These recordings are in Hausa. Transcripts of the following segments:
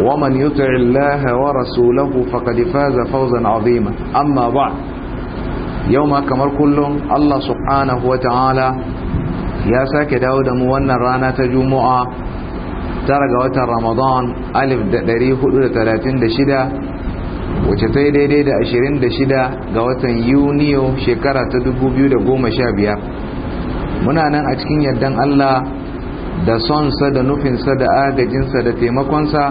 ومن يطع الله ورسوله فقد فاز فوزا عظيما أما بعد يوم كمر كل الله سبحانه وتعالى يا ساك داود موانا رانا تجمع ترقى رمضان ألف دريه حدود ثلاثين دشدة wace ta yi daidai da 26 ga watan yuniyo shekara ta 2015 muna nan a cikin yardan Allah da sonsa da nufinsa da agajinsa da taimakonsa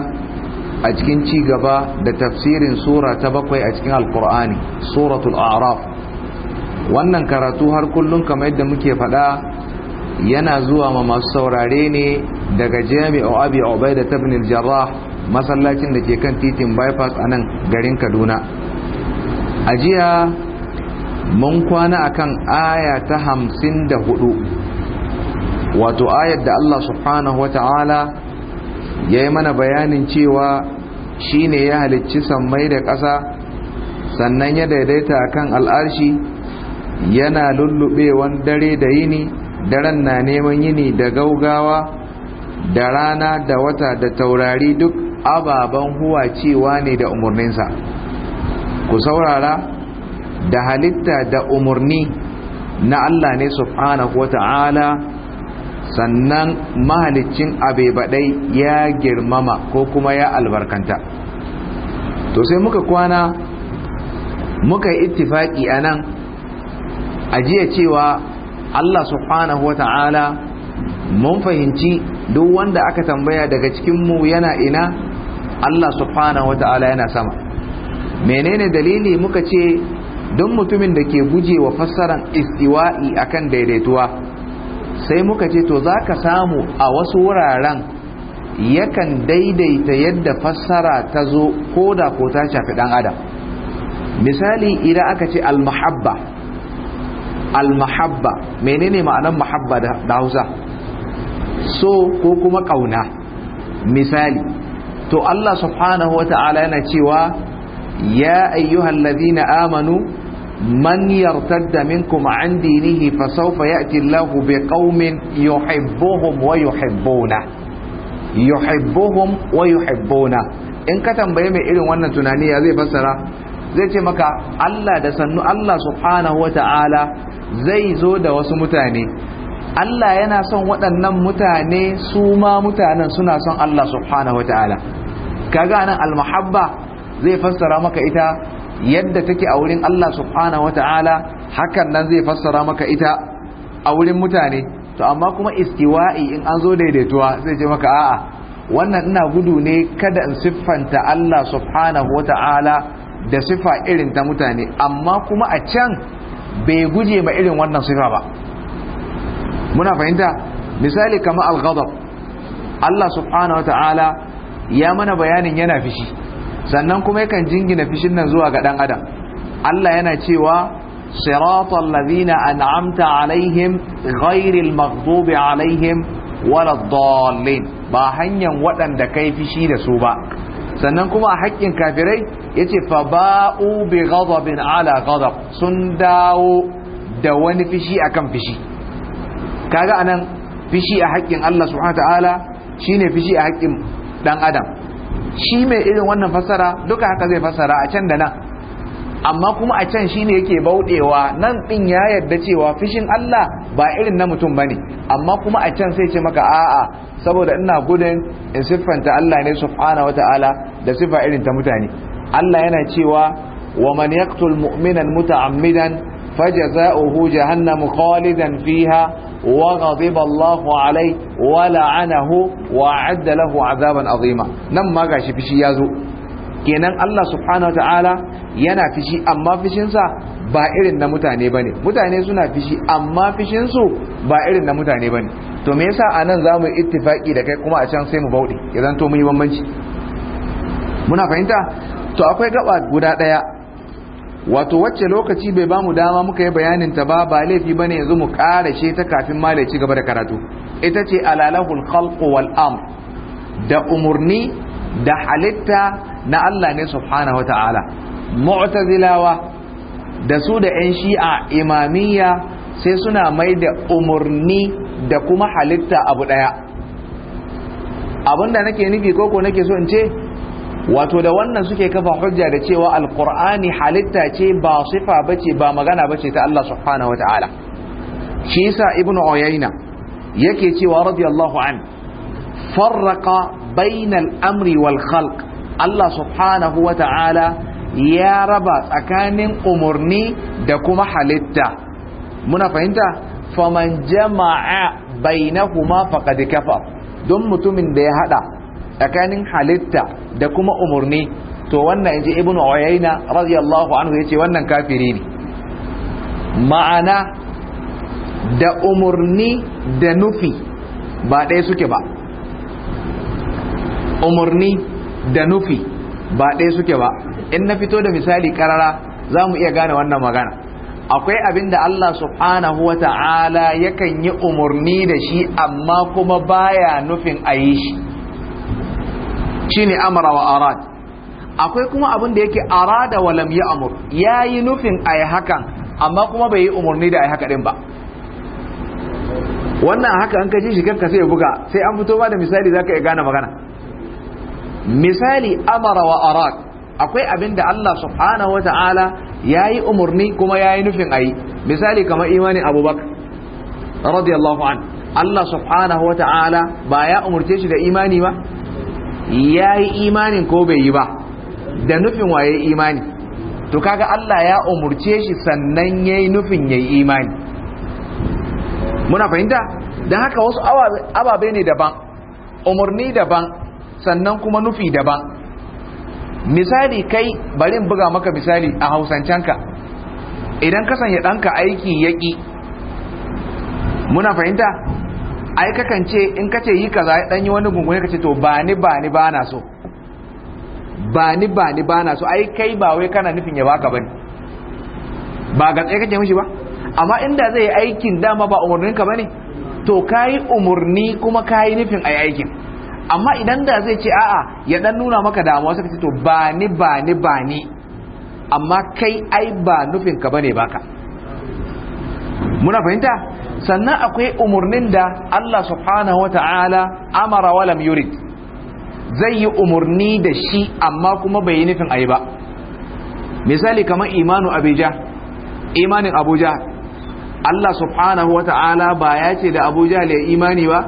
a cikin ci gaba da tafsirin sura ta bakwai a cikin alkur'ani suratul araf wannan karatu har kullum kamar yadda muke faɗa yana zuwa ma masu saurare ne daga jami'a abi obai da tabnil jarrah masallacin da ke kan titin bypass a nan garin kaduna a jiya mun kwana a kan aya ta hamsin da hudu wato ayar da allah subhanahu wa ta'ala ya yi mana bayanin cewa shi ne ya halicci sammai da ƙasa sannan ya daidaita kan al'arshi yana lullubewan dare da yini daren na neman yini da gaugawa da rana da wata da taurari duk ababen huwa cewa ne da umarninsa ku saurara da halitta da umarni na Allah ne subhanahu wa ta'ala sannan mahalicin baɗai ya girmama ko kuma ya albarkanta to sai muka kwana muka yi ittifaki a nan ajiya cewa Allah subhanahu wata'ala mun fahimci duk wanda aka tambaya daga cikin mu yana ina Allah subhanahu wata'ala yana sama menene dalili muka ce don mutumin da ke guje wa fassaran istiwa'i akan daidaituwa sai muka ce to za ka samu a wasu wuraren yakan daidaita yadda fassara ta zo ko da ko ta shafi ɗan adam misali idan aka ce almahabba almahabba menene ma'anar mahabba da hausa so ko kuma ƙauna misali to allah subhanahu wa ta'ala yana cewa ya ladina amanu من يرتد منكم عن دينه فسوف يأتي الله بقوم يحبهم ويحبونه yuhibbuhum wa yuhibbuna in ka tambayi mai irin wannan tunani ya zai fassara zai ce maka Allah da sannu Allah subhanahu wata'ala zai zo da wasu mutane Allah yana son waɗannan mutane suma mutanen suna son Allah subhanahu Ka kaga nan almahabba zai fassara maka ita yadda take a wurin Allah subhanahu wata'ala hakan nan zai fassara maka ita a wurin mutane to amma kuma istiwa'i in an zo daidaituwa zai ce maka a'a wannan ina gudu ne kada in siffanta Allah subhanahu wata'ala da sifa irin ta mutane amma kuma a can bai guje ma irin wannan sifa ba muna fahimta misali kamar al-ghadab Allah subhanahu wata'ala ya mana bayanin yana fishi sannan kuma yakan jingina fishin nan zuwa ga dan adam Allah yana cewa siratal ladina an'amta alaihim ghairil maghdubi alaihim waladdallin ba hanyar waɗanda kai fishi da su ba sannan kuma a haƙƙin kafirai yace fa ba'u bi ghadabin ala ghadab sun dawo da wani fishi akan fishi kaga anan fishi a haƙƙin Allah subhanahu wa shine fishi a haƙƙin dan adam shi mai irin wannan fasara duka haka zai fasara a can da nan amma kuma a can shi ne yake bauɗewa nan ɗin ya yarda cewa fishin Allah ba irin na mutum bane amma kuma a can sai ce maka a'a saboda ina gudun in siffanta Allah ne subhanahu wataala da siffa irin ta mutane Allah yana cewa wa man yaqtul mu'minan muta'ammidan فجزاؤه جهنم خالدا فيها وغضب الله عليه ولعنه وأعد له عذابا عظيما نم ما غاشي فشي يازو kenan Allah subhanahu wataala yana fishi amma fishinsa ba irin na mutane ne, mutane suna fishi amma fishinsu ba irin na mutane ne. to me yasa anan zamu ittifaki da kai kuma a can sai mu bauɗe idan to mun yi bambanci muna fahimta to akwai gaba guda ɗaya wato wacce lokaci bai bamu dama muka yi bayanin ta ba ba laifi bane yanzu mu shi ta kafin ma ci gaba da karatu ita ce alalahul khalqu wal amr da umurni da halitta na Allah ne subhanahu wataala mu'tazilawa da su da yan shi'a imamiyya sai suna mai da umurni da kuma halitta abu daya abinda nake nufi koko nake so in ce wato da wannan suke kafa hujja da cewa alkur'ani halitta ce ba sifa bace ba magana bace ta Allah subhanahu wataala shi yasa ibnu uyayna yake cewa radiyallahu an farraqa bainal amri wal khalq Allah subhanahu ya raba tsakanin umurni da kuma halitta muna fahimta faman jama'a bainahuma faqad kafar don mutumin da ya hada tsakanin halitta da kuma umurni to wannan inji ibnu uyayna radiyallahu anhu yace wannan kafiri ne ma'ana da umarni da nufi ba ɗaya suke ba umurni da nufi ba ɗaya suke ba in na fito da misali karara za mu iya gane wannan magana akwai abin da Allah subhanahu wa ta'ala yakan yi umarni da shi amma kuma baya nufin a yi shi shine amara wa arad akwai kuma abin da yake arada wa lam ya'mur yayi nufin ayi hakan amma kuma bai yi umurni da ayi haka din ba wannan haka an kaji shi kanka sai ya buga sai an fito ba da misali zaka iya gane magana misali amara wa arad akwai abin da Allah subhanahu wa ta'ala ya yi kuma yayi nufin ayi. misali kamar imanin abubakar radiyallahu an Allah subhanahu wa ta'ala ba ya umurce shi da imani ba ya yi imanin ko bai yi ba da nufin wa waye imani to kaga Allah ya umurce shi sannan ya yi nufin ya yi imani muna fahimta don haka wasu ababe ne daban umarni daban sannan kuma nufi daban misali kai bari in buga maka misali a hausancenka idan ka sanya ɗanka aiki yaƙi muna fahimta ai kakan ce in kace yi kaza dan yi wani gungun kace to ba ni ba ni ba na so ba ni ba ni ba na so ai kai ba wai kana nufin ya baka bane ba ga tsaye kake mishi ba amma inda zai aikin dama ba umurnin ka bane to kai umurni kuma kai nufin ai aikin amma idan da zai ce a'a ya dan nuna maka damuwa sai kace to ba ni ba ni ba ni amma kai ai ba nufin ka bane baka muna fahimta sannan akwai umarnin da Allah subhanahu wa ta'ala amara wa lam yurid zai yi umarni da shi amma kuma bai yi nufin ayi ba misali kamar imanu abuja imanin abuja Allah subhanahu wa ta'ala ba ya ce da abuja ya imani ba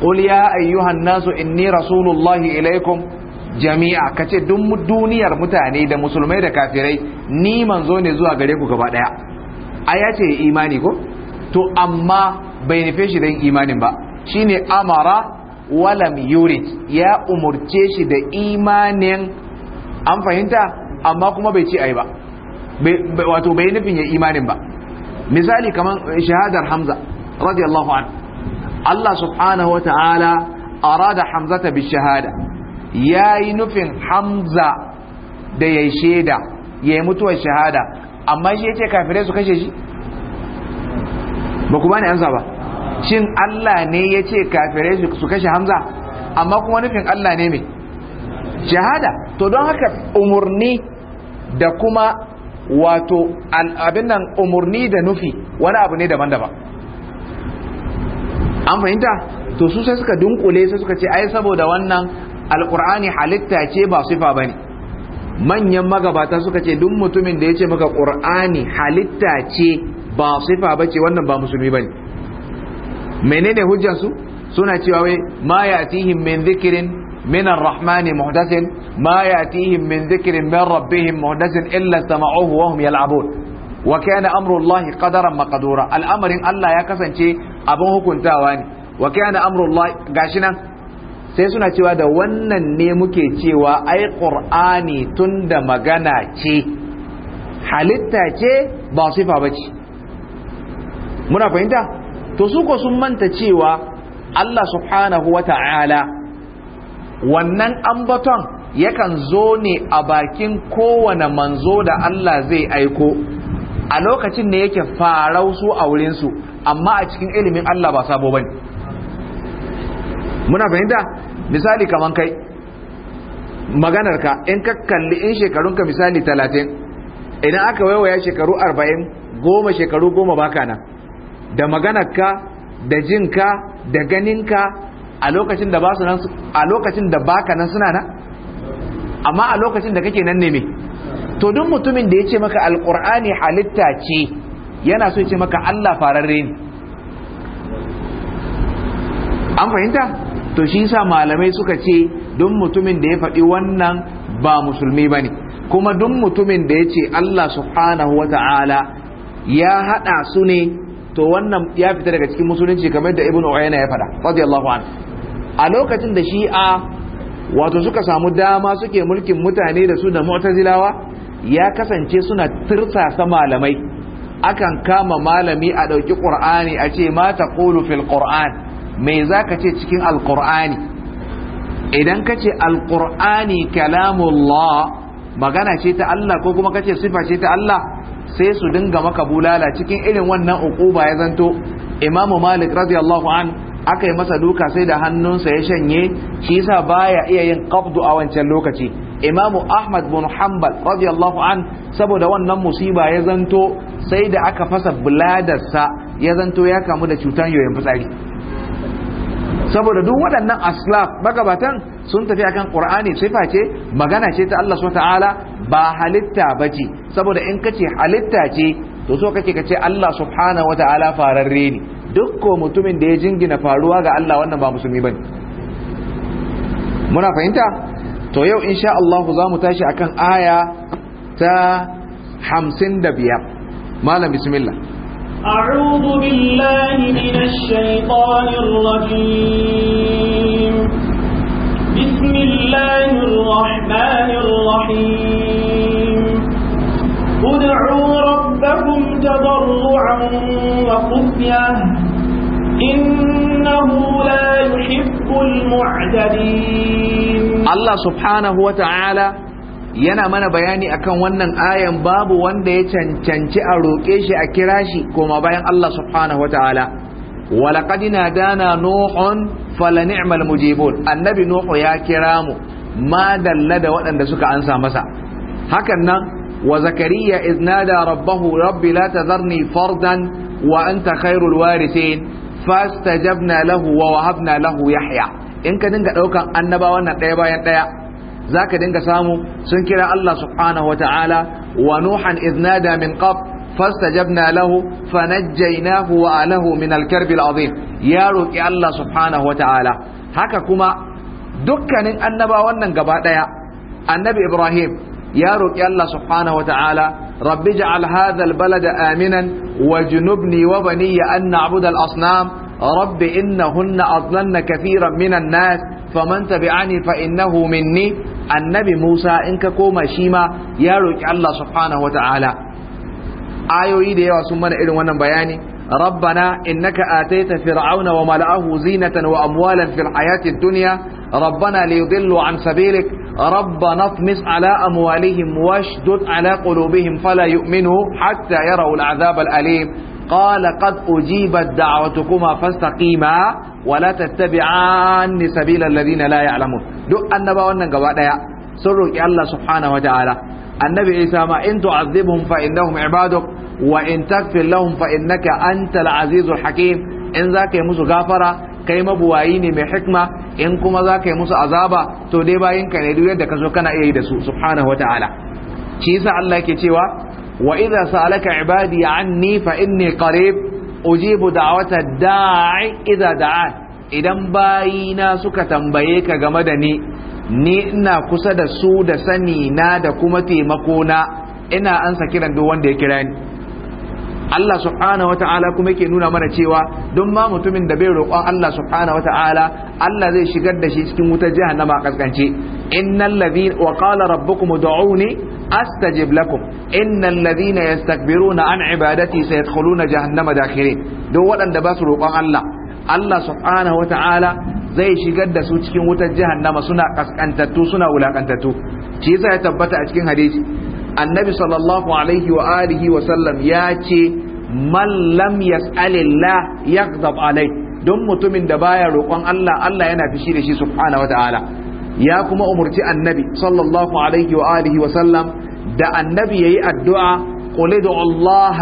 qul ya ayyuhan nasu inni rasulullahi ilaikum jami'a kace duk duniyar mutane da musulmai da kafirai ni manzo ne zuwa gare ku gaba daya aya ce imani ko to amma bai nufe shi da yin imanin ba shine amara walam yurid ya umurce shi da imanin an fahimta amma kuma bai a yi ba wato bai nufin ya imanin ba misali kamar shahadar hamza radiyallahu an Allah subhanahu wa ta'ala arada hamzata bi shahada yayi nufin hamza da yayi sheda yayi mutuwar shahada amma shi ya ce kafirai su kashe shi ba ku bani amsa ba shin Allah ne ya ce kafirai su kashe hamza amma kuma nufin Allah ne mai shahada to don haka umurni da kuma wato abin nan umurni da nufi wani abu ne daban-daban an fahimta to su sai suka dunkule sai suka ce ai saboda wannan alkur'ani halitta ce ba sifa bane manyan magabata suka ce duk mutumin da ya ce maka ƙur'ani halitta ce ba sifa bace wannan ba musulmi bane menene hujjar su suna cewa wai ma tihin min zikirin min ar-rahman muhdathin ma tihin min zikirin min rabbihim muhdathin illa sama'uhu wa hum yal'abun wa kana amru Allah qadaran maqdura al'amarin Allah ya kasance abin hukuntawa ne wa kana amru Allah gashi nan sai suna cewa da wannan ne muke cewa ai qur'ani tunda magana ce halitta ce ba sifa bace muna fahimta to su ko sun manta cewa Allah subhanahu wa ta'ala wannan ambaton yakan zo ne a bakin kowane manzo da Allah zai aiko a lokacin ne yake farau su a wurinsu amma a cikin ilimin Allah ba sabo bane muna fahimta misali kaman kai maganarka in ka kalli in shekarunka misali talatin idan aka waiwaya shekaru arba'in goma shekaru goma baka nan da maganarka da jinka da ganinka a lokacin da ba su nan da baka nan suna na amma a lokacin da kake nan ne me to duk mutumin da ya ce maka alqur'ani halitta ce yana so ya ce maka Allah fararre ne an fahimta to shi yasa malamai suka ce duk mutumin da ya faɗi wannan ba musulmi ba ne? kuma duk mutumin da ya ce Allah subhanahu wata'ala ya haɗa su ne to wannan ya fita daga cikin musulunci kamar da ibn uyayna ya fada radiyallahu anhu a lokacin da shi'a wato suka samu dama suke mulkin mutane da su da mu'tazilawa ya kasance suna tirsasa malamai akan kama malami a ɗauki ƙur'ani a ce ma taqulu fil qur'an me zaka ce cikin alqur'ani idan kace alqur'ani kalamullah magana ce ta Allah ko kuma kace sifa ce ta Allah sai su dinga maka bulala cikin irin wannan uquba ya zanto imamu malik radiyallahu an aka yi masa duka sai da hannunsa ya shanye shi yasa baya iya yin qabdu a wancan lokaci imamu ahmad bin hanbal radiyallahu an saboda wannan musiba ya zanto sai da aka fasa buladarsa ya zanto ya kamu da cutan yoyin fitsari saboda duk waɗannan aslaf magabatan sun tafi akan qur'ani sifa face, magana ce ta Allah subhanahu ta'ala ba halitta bace saboda in kace halitta ce to so kake kace Allah subhanahu ta'ala fararre ne dukko mutumin da ya jingina faruwa ga Allah wannan ba musulmi bane muna fahimta to yau insha Allah za mu tashi akan aya ta 55 malam bismillah أعوذ بالله من الشيطان الرجيم بسم الله الرحمن الرحيم ادعوا ربكم تضرعا وخفية إنه لا يحب المعتدين الله سبحانه وتعالى yana mana bayani akan wannan ayan babu wanda ya cancanci a roƙe shi a kira shi koma bayan Allah subhanahu ta'ala. ولقد نادانا نوح فلنعم المجيبون النبي annabi Nuhu ya ما دل da waɗanda suka ansa masa hakan nan wa zakariya iznada rabbahu rabbi la tadharni fardan wa anta khairul warithin fastajabna lahu wa wahabna lahu yahya in ka dinga ɗaukan annabawan nan ɗaya bayan ɗaya zaka dinga samu sun kira Allah subhanahu wa ta'ala wa nuhan iznada min qabl فاستجبنا له فنجيناه وأله من الكرب العظيم يا روكي الله سبحانه وتعالى هكا كما دكان النبا ونن النبي إبراهيم يا روكي الله سبحانه وتعالى رب اجعل هذا البلد آمنا وجنبني وبني أن نعبد الأصنام رب إنهن أضلن كثيرا من الناس فمن تبعني فإنه مني النبي موسى إنك كوما شيما يا روكي الله سبحانه وتعالى ayoyi da yawa sun mana irin wannan bayani rabbana innaka ataita fir'auna wa mala'ahu zinatan wa amwalan fil hayati dunya rabbana liyudillu an sabilik rabbana tmis ala amwalihim washdud ala qulubihim fala yu'minu hatta yarau al'azab al'alim qala qad ujibat da'watukuma fastaqima wa la tattabi'anni sabila alladhina la ya'lamun duk annaba wannan gaba daya sun roki Allah subhanahu wa ta'ala annabi Isa ma in tu'adhibhum fa innahum ibaduk wa in taghfir lahum fa innaka antal azizul hakim in zaka yi musu gafara kai mabuwayi ne mai hikma in kuma zaka yi musu azaba to dai bayin ka ne duk yadda ka so kana iya yi da su subhanahu wataala shi yasa Allah yake cewa wa idza salaka ibadi anni fa inni qarib ujibu da'wata da'i idza da'an idan bayina suka tambaye ka game da ni ni ina kusa da su da sani na da kuma taimako na ina ansa kiran duk wanda ya kira ni Allah subhanahu wata'ala kuma yake nuna mana cewa don ma mutumin da bai roƙo Allah subhanahu wata'ala Allah zai shigar da shi cikin wutar jahannama a kaskance innal ladhina wa qala rabbukum ud'uni astajib lakum innal ladhina yastakbiruna an ibadati sayadkhuluna jahannama dakhirin don waɗanda ba su roƙon Allah Allah subhanahu wata'ala zai shigar da su cikin wutar jahannama suna kaskantattu suna wulakantattu shi yasa ya tabbata a cikin hadisi annabi sallallahu alaihi wa alihi wa sallam ya ce man lam yas'alillah yaghdab alai don mutumin da baya roƙon Allah Allah yana fishi da shi subhanahu wataala ya kuma umurci annabi sallallahu alaihi wa alihi wa sallam da annabi yayi addu'a qul Allah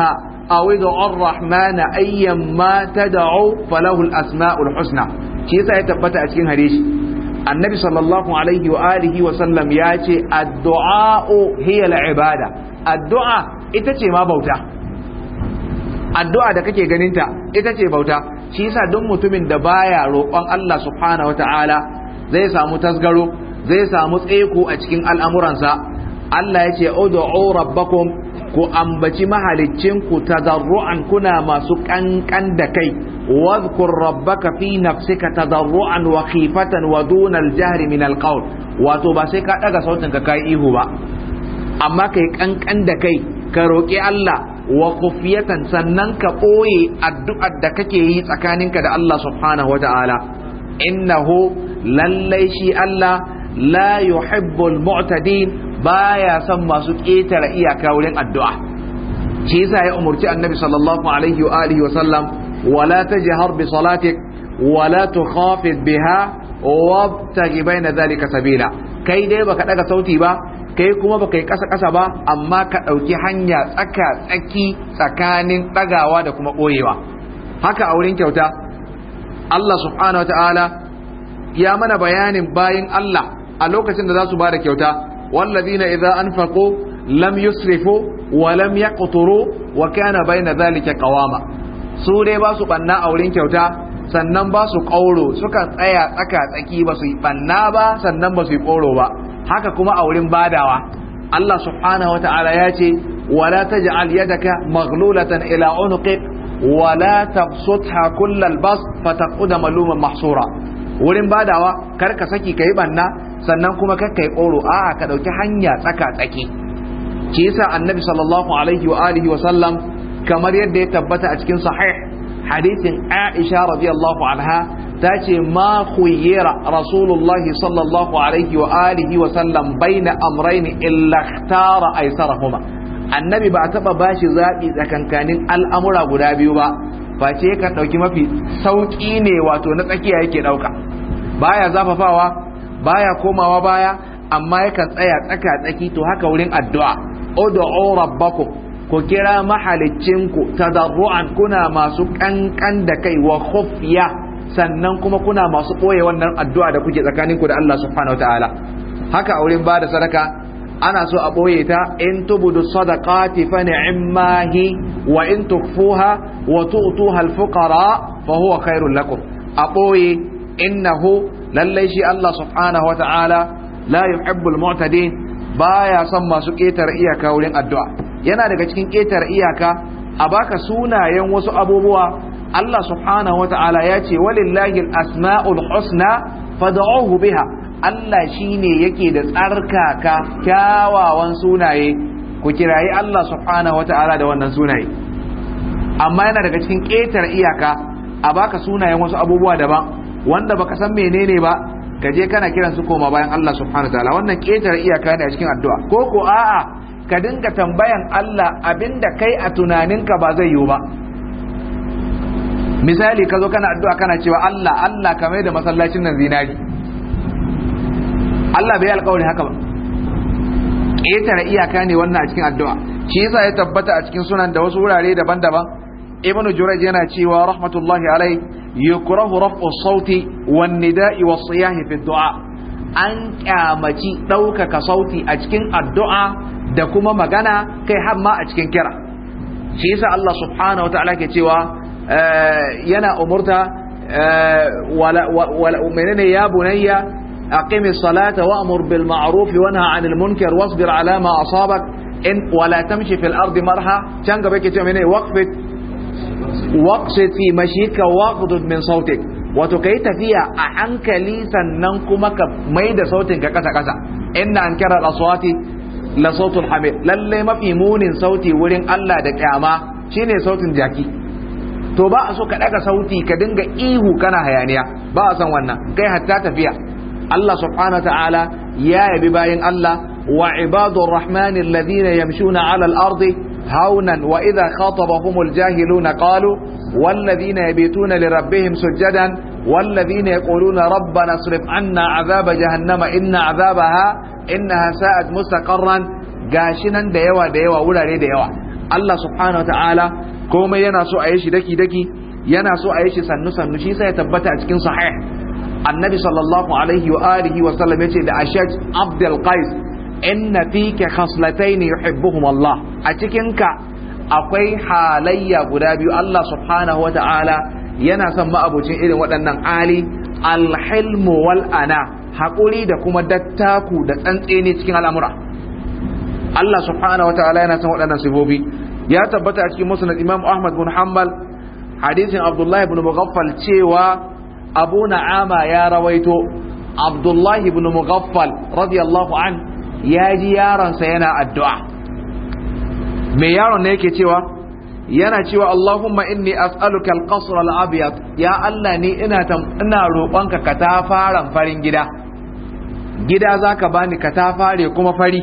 aw ar-rahman ayyamma tad'u falahu al-asma'ul husna shi yasa ya tabbata a cikin hadisi annabi sallallahu alaihi wa alihi wa sallam ya ce addu'a hiya ibada addu'a ita ce ma bauta addu'a da kake ganinta ita ce bauta shi yasa duk mutumin da baya roƙon Allah subhanahu wataala zai samu tasgaro zai samu tseko a cikin al'amuransa Allah ya ce udu'u rabbakum ku ambaci ku tadarru'an kuna masu kankan da kai wadhkur rabbaka fi nafsika tadarru'an wa khifatan wa duna al min al-qawl wato ba sai ka daga sautin ka kai ihu ba amma kai kankan da kai ka roki Allah wa khufiyatan sannan ka boye addu'ar da kake yi tsakaninka da Allah subhanahu wa ta'ala innahu lallai shi Allah la yuhibbul mu'tadin baya son masu ƙetare iyaka wurin addu'a shi yasa ya umurci annabi sallallahu alaihi wa alihi wa sallam wala tajhar bi salatik wala tukhafid biha wabtaghi baina dhalika sabila kai dai baka daga sauti ba kai kuma baka yi kasa kasa ba amma ka dauki hanya tsaka tsaki tsakanin dagawa da kuma koyewa haka a wurin kyauta Allah subhanahu wa ta'ala ya mana bayanin bayin Allah a lokacin da za su ba da kyauta والذين إذا أنفقوا لم يسرفوا ولم يقتروا وكان بين ذلك قواما سورة باسو a wurin kyauta sannan ba su ƙauro suka tsaya tsaka tsaki ba su yi banna ba sannan ba su yi ƙoro ba haka kuma a wurin badawa Allah subhanahu wa ta'ala ya ce wala taj'al yadaka maghlulatan ila unuqik wala tabsutha kullal bas fataqud maluman mahsura wurin badawa kar ka saki kai banna sannan kuma kar kai koro a'a ka dauki hanya tsaka tsaki ki yasa annabi sallallahu alaihi wa alihi wa sallam kamar yadda ya tabbata a cikin sahih hadisin Aisha radiyallahu anha ta ce ma khuyyira Rasulullah sallallahu alaihi wa alihi wa sallam baina amrayn illa ikhtara aysarahuma annabi ba a taba bashi zabi tsakankanin al'amura guda biyu ba face ka ɗauki mafi sauki ne wato na tsakiya yake ɗauka. baya zafafawa baya komawa baya amma yakan tsaya tsaka tsaki to haka wurin addu'a o rabbakum ku kira mahaliccinku tadarru'an kuna masu kankan da kai wa khufya sannan kuma kuna masu koye wannan addu'a da kuke tsakaninku da Allah subhanahu wataala haka a wurin bada sadaka ana so a ɓoye ta in tubudu sadaqati fa ni'ma hi wa in tukfuha wa tu'tuha al-fuqara fa huwa khairul lakum a ɓoye innahu lallai shi Allah subhanahu wata'ala la yuhibbul mu'tadin baya son masu ƙetare iyaka wurin addu'a yana daga cikin ƙetare iyaka a baka sunayen wasu abubuwa Allah subhanahu wata'ala ya ce walillahi asmaul husna fad'uhu biha Allah shine yake da tsarkaka kyawawan sunaye ku kirayi Allah subhanahu wata'ala da wannan sunaye amma yana daga cikin ƙetare iyaka a baka sunayen wasu abubuwa daban wanda baka san menene ba ka je kana kiran su koma bayan Allah subhanahu wataala wannan ketare iyaka ne a cikin addu'a ko ko a'a ka dinga tambayan Allah abinda kai a tunaninka ba zai yiwu ba misali ka zo kana addu'a kana cewa Allah Allah ka mai da masallacin nan zinari Allah bai alƙawari haka ba ƙetare iyaka ne wannan a cikin addu'a shi yasa ya tabbata a cikin sunan da wasu wurare daban-daban ibnu jurayj yana cewa rahmatullahi alai yukrahu raf'u sauti wan nida'i was siyahi fi du'a an kyamaci ɗaukaka sauti a cikin addu'a da kuma magana kai har ma a cikin kira shi yasa Allah subhanahu wa ta'ala ke cewa eh, yana umurta eh, wala menene ya bunayya aqimi salata wa'mur bil ma'ruf wa nahy 'anil munkar wasbir 'ala ma asabak in wala tamshi fil ardi marha can gaba ke cewa menene waqfit waqsid fi mashika waqdud min sautik wato kai tafiya a hankali sannan kuma ka mai da sautin ka kasa kasa inna an kira aswati la sautul hamid lalle mafi munin sauti wurin Allah da kyama shine sautin jaki to ba a so ka daga sauti ka dinga ihu kana hayaniya ba a san wannan kai hatta tafiya Allah subhanahu ta'ala ya yabi bayin Allah wa ibadur rahmani yamshuna 'ala al-ardi هونا وإذا خاطبهم الجاهلون قالوا والذين يبيتون لربهم سجدا والذين يقولون ربنا اصرف عنا عذاب جهنم إن عذابها إنها ساءت مستقرا قاشنا ديوا ديوا ولا ديوا الله سبحانه وتعالى كوما يناسو أيشي دكي دكي يناسو أيشي سنو سنو شيسا يتبتع تكين صحيح النبي صلى الله عليه وآله وسلم يقول لأشج عبد القيس inna fika khaslatayn yuhibbuhum Allah a cikinka akwai halayya guda biyu Allah subhanahu wa ta'ala yana son ma'abucin irin waɗannan ali alhilmu wal ana haƙuri da kuma dattaku da tsantseni cikin al'amura Allah subhanahu wa ta'ala yana son waɗannan sifofi ya tabbata a cikin musnad Imam Ahmad bin Hanbal hadisin Abdullah ibn Mughaffal cewa Abu Na'ama ya rawaito Abdullah ibn Mughaffal radiyallahu anhu ya ji yaronsa yana addu'a me yaron ne yake cewa yana cewa Allahumma inni as'aluka al-qasr al-abyad ya Allah ni ina ina roƙonka ka tafaran farin gida gida zaka bani ka tafare kuma fari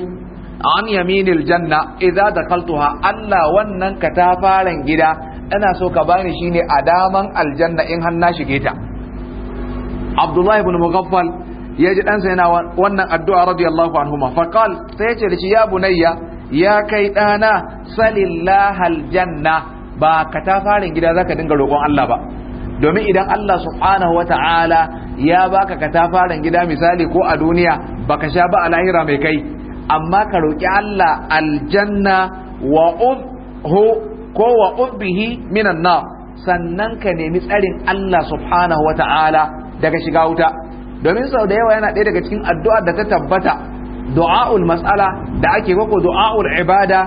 an yaminil janna idza dakaltuha. Allah wannan ka tafaran gida ina so ka bani shine a daman aljanna in har na shige ta Abdullah ibn Mughaffal ya ji ɗansa yana wannan addu'a radiyallahu anhuma faƙal sai ya ce da shi ya bunayya ya kai ɗana salillahal janna ba ka ta farin gida za ka dinga roƙon Allah ba domin idan Allah subhanahu ta'ala ya baka ka ta farin gida misali ko a duniya ba ka sha ba a lahira mai kai amma ka roƙi Allah aljanna wa ubhu ko wa ubbihi minan nar sannan ka nemi tsarin Allah subhanahu ta'ala daga shiga wuta domin sau da yawa yana ɗaya daga cikin addu'a da ta tabbata du'a'ul mas'ala da ake koko du'a'ul ibada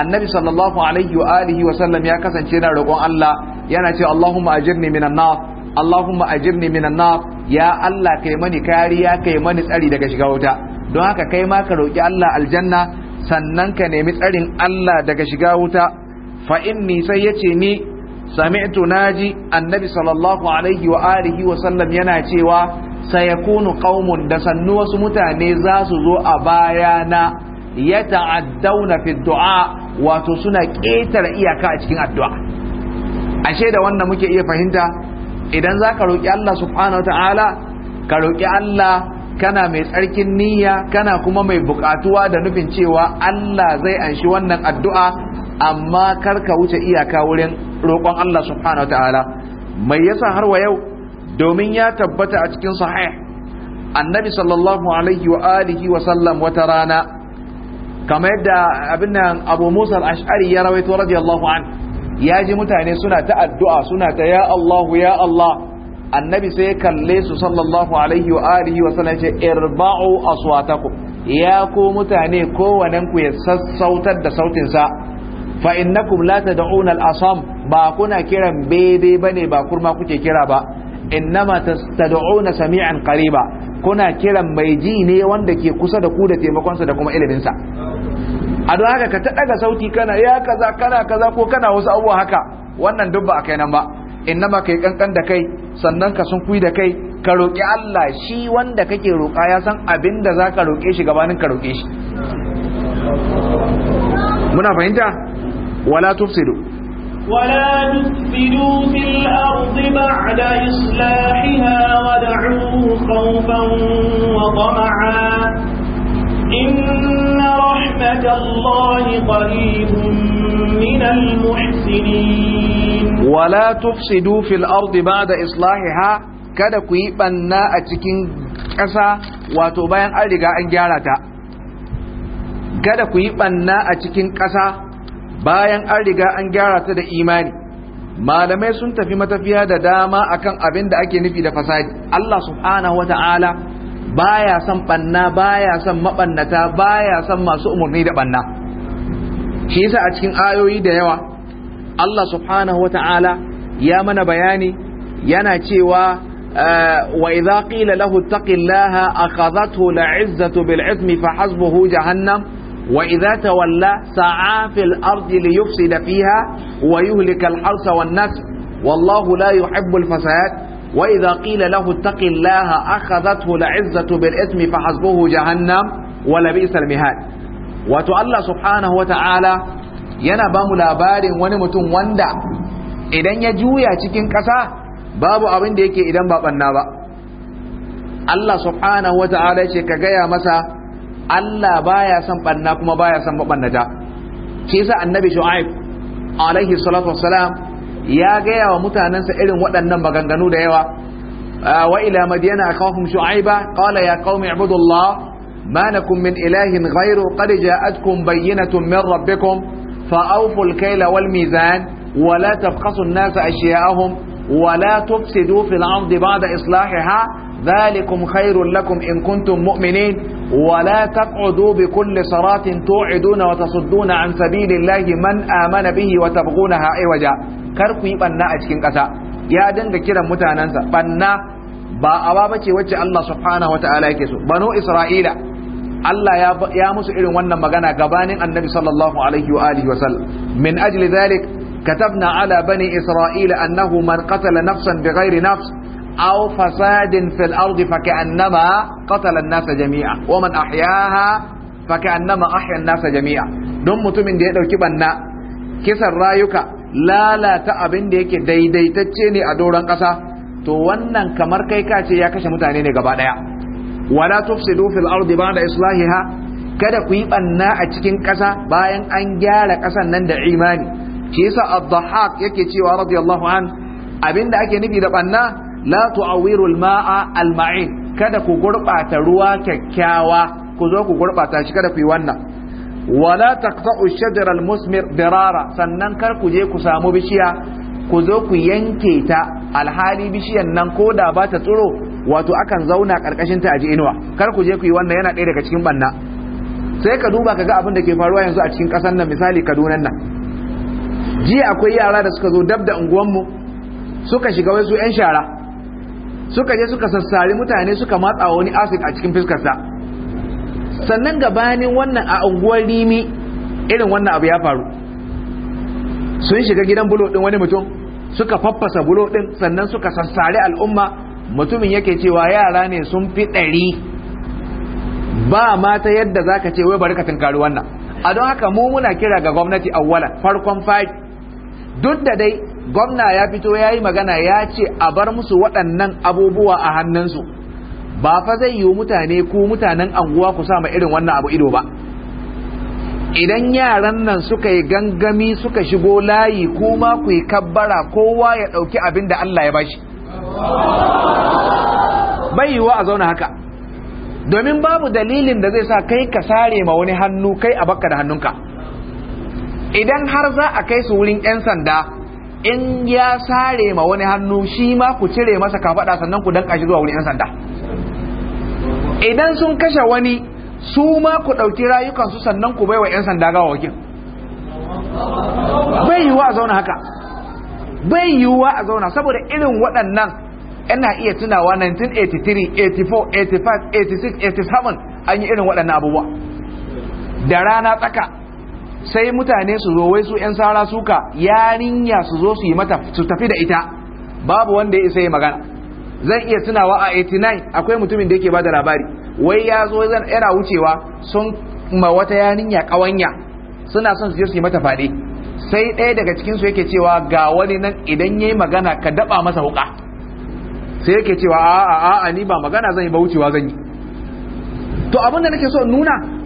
annabi sallallahu alaihi wa alihi wa sallam ya kasance yana roƙon Allah yana ce Allahumma ajirni minan nar Allahumma ajirni minan nar ya Allah kai mani kariya kai mani tsari daga shiga wuta don haka kai ma ka roƙi Allah aljanna sannan ka nemi tsarin Allah daga shiga wuta fa inni sai yace ni sami'tu naji annabi sallallahu alaihi wa alihi wa sallam yana cewa sayakunu qaumun da sannu wasu mutane za su zo a bayana ya ta'addauna fi du'a wato suna ƙetare iyaka a cikin addu'a ashe da wannan muke iya fahimta idan za ka roƙi Allah subhanahu wa ta'ala ka roƙi Allah kana mai tsarkin niyya kana kuma mai buƙatuwa da nufin cewa Allah zai anshi wannan addu'a amma kar ka wuce iyaka wurin roƙon Allah subhanahu wa ta'ala mai yasa har wa yau domin ya tabbata a cikin sahih annabi sallallahu alaihi wa alihi wa sallam wata rana kamar yadda abin abu musa al-ash'ari ya rawaito radiyallahu an ya ji mutane suna ta addu'a suna ta ya Allah ya Allah annabi sai ya kalle su sallallahu alaihi wa alihi wa sallam ce irba'u aswatakum ya ku mutane kowanne ku ya sassautar da sautin sa fa innakum la tad'una al-asam ba kuna kiran bebe bane ba kurma kuke kira ba innama tastad'una sami'an qariba kuna kiran mai ji ne wanda ke kusa da ku da taimakonsa da kuma ilimin sa a don haka ka ta sauti kana ya kaza kana kaza ko kana wasu abubuwa haka wannan duk ba kai nan ba innama kai kankan da kai sannan ka sun kui da kai ka roƙi Allah shi wanda kake roƙa ya san abin da za ka roƙe shi gabanin ka roƙe shi muna fahimta wala tufsidu ولا تفسدوا في الأرض إصلاحها ودعوه خوفا وطمعا إن رحمة الله قريب من المحسنين ولا تفسدوا في الأرض بعد إصلاحها kada ku yi banna a cikin ƙasa wato bayan an riga an gyara ta kada ku yi banna a cikin ƙasa bayan an riga an gyara ta da imani malamai sun tafi matafiya da dama akan abin da ake nufi da fasadi Allah subhanahu wa ta'ala baya son banna baya son mabannata baya son masu umarni da banna shi yasa a cikin ayoyi da yawa Allah subhanahu wa ta'ala ya mana bayani yana cewa eh, wa idza qila lahu taqillaha akhadhathu la'izzatu bil fa hasbuhu jahannam وإذا تولى سعى في الأرض ليفسد فيها ويهلك الحرث والنسل والله لا يحب الفساد وإذا قيل له اتق الله أخذته العزة بالإثم فحسبه جهنم ولبئس المهاد وتؤلى سبحانه وتعالى yana ba mu labarin wani mutum wanda idan ya juya cikin ƙasa babu abin da yake idan ba ɓanna ba Allah subhanahu wa ta'ala ce ka gaya masa Allah baya son banna kuma baya son mabannata shi yasa annabi shu'aib alaihi salatu wassalam ya gaya wa mutanensa irin waɗannan maganganu da yawa wa ila madiyana akahum shu'aiba qala ya qaumi ibudullah ما لكم من إله غيره قد جاءتكم بينة من ربكم فأوفوا الكيل والميزان ولا تبخسوا الناس أشياءهم ولا تفسدوا في الأرض بعد إصلاحها ذلكم خير لكم إن كنتم مؤمنين ولا تقعدوا بكل صراط توعدون وتصدون عن سبيل الله من آمن به وتبغونها عوجا كركو يبنى أجكين قسا يا دنگ كرا متاننسا بنى با أبابك وجه الله سبحانه وتعالى يكسو بنو إسرائيل Allah ya musu irin wannan magana gabanin annabi sallallahu alaihi wa alihi wa sallam min ajli dhalik katabna ala bani isra'ila annahu man qatala nafsan bighairi nafs أو فساد في الأرض فكأنما قتل الناس جميعا ومن أحياها فكأنما أحيا الناس جميعا دون متمن دي دوكي بنا كسر رايك لا لا تأبن دي كي دي دي تتشيني أدوران قصا to wannan kamar kai ka ce ya kashe mutane ne gaba daya wala tufsidu fil ardi ba'da islahiha kada kuyi ɓanna a cikin ƙasa bayan an gyara ƙasan nan da imani shi Abduhak ad-dhahhak yake cewa radiyallahu an abinda ake nufi da ɓanna. la tu'awiru al-ma'a al-ma'in kada ku gurbata ruwa kyakkyawa ku zo ku gurbata shi kada ku yi wannan wala taqta'u ash-shajar al-musmir dirara sannan kar ku je ku samu bishiya ku zo ku yanke ta alhali bishiyan nan ko da ba ta tsiro wato akan zauna karkashin ta a ji inuwa kar ku je ku yi wannan yana ɗaya daga cikin banna sai ka duba ka ga abin da ke faruwa yanzu a cikin ƙasar nan misali Kaduna nan jiya akwai yara da suka zo dab da mu suka shiga wasu 'yan shara suka je suka sassari mutane suka matsa wani asid a cikin fiskarsa sannan gabanin wannan a unguwar rimi irin wannan abu ya faru sun shiga gidan bulo din wani mutum suka faffasa bulo din sannan suka sassari al'umma mutumin yake cewa yara ne sun fi ɗari ba mata yadda za ka ce wai bari ka tunkari wannan a don haka mu muna kira ga gwamnati awwala farkon fari duk da dai gwamna ya fito ya yi magana ya ce a bar musu waɗannan abubuwa a hannunsu ba fa zai yiwu mutane ku mutanen anguwa ku sama irin wannan abu ido ba idan yaran nan suka yi gangami suka shigo layi kuma ku yi kabbara kowa ya ɗauki abin da Allah ya bashi bai yiwuwa a zauna haka domin babu dalilin da zai sa kai ka sare ma wani hannu kai a bakka da hannunka idan har za a kai su wurin 'yan sanda in ya sare ma wani hannu shi ma ku cire masa kafaɗa sannan ku danka shi zuwa wani 'yan sanda idan sun kashe wani su ma ku ɗauki rayukansu sannan ku baiwa 'yan sanda wakin. bai yiwuwa a zauna haka bai yiwuwa a zauna saboda irin waɗannan ina iya tunawa 1983 84 85 86 87 an yi irin waɗannan abubuwa da rana tsaka sai mutane su zo wai su yan sara suka yarinya su zo su yi mata su tafi da ita babu wanda ya isa yi magana zan iya tunawa a 89 akwai mutumin da yake bada labari wai ya zo zan yana wucewa sun ma wata yarinya kawanya suna son su je su yi mata fade sai ɗaya daga cikin su yake cewa ga wani nan idan yayi magana ka daba masa wuka sai yake cewa a a a ni ba magana zan yi ba wucewa zan yi to abin da nake so nuna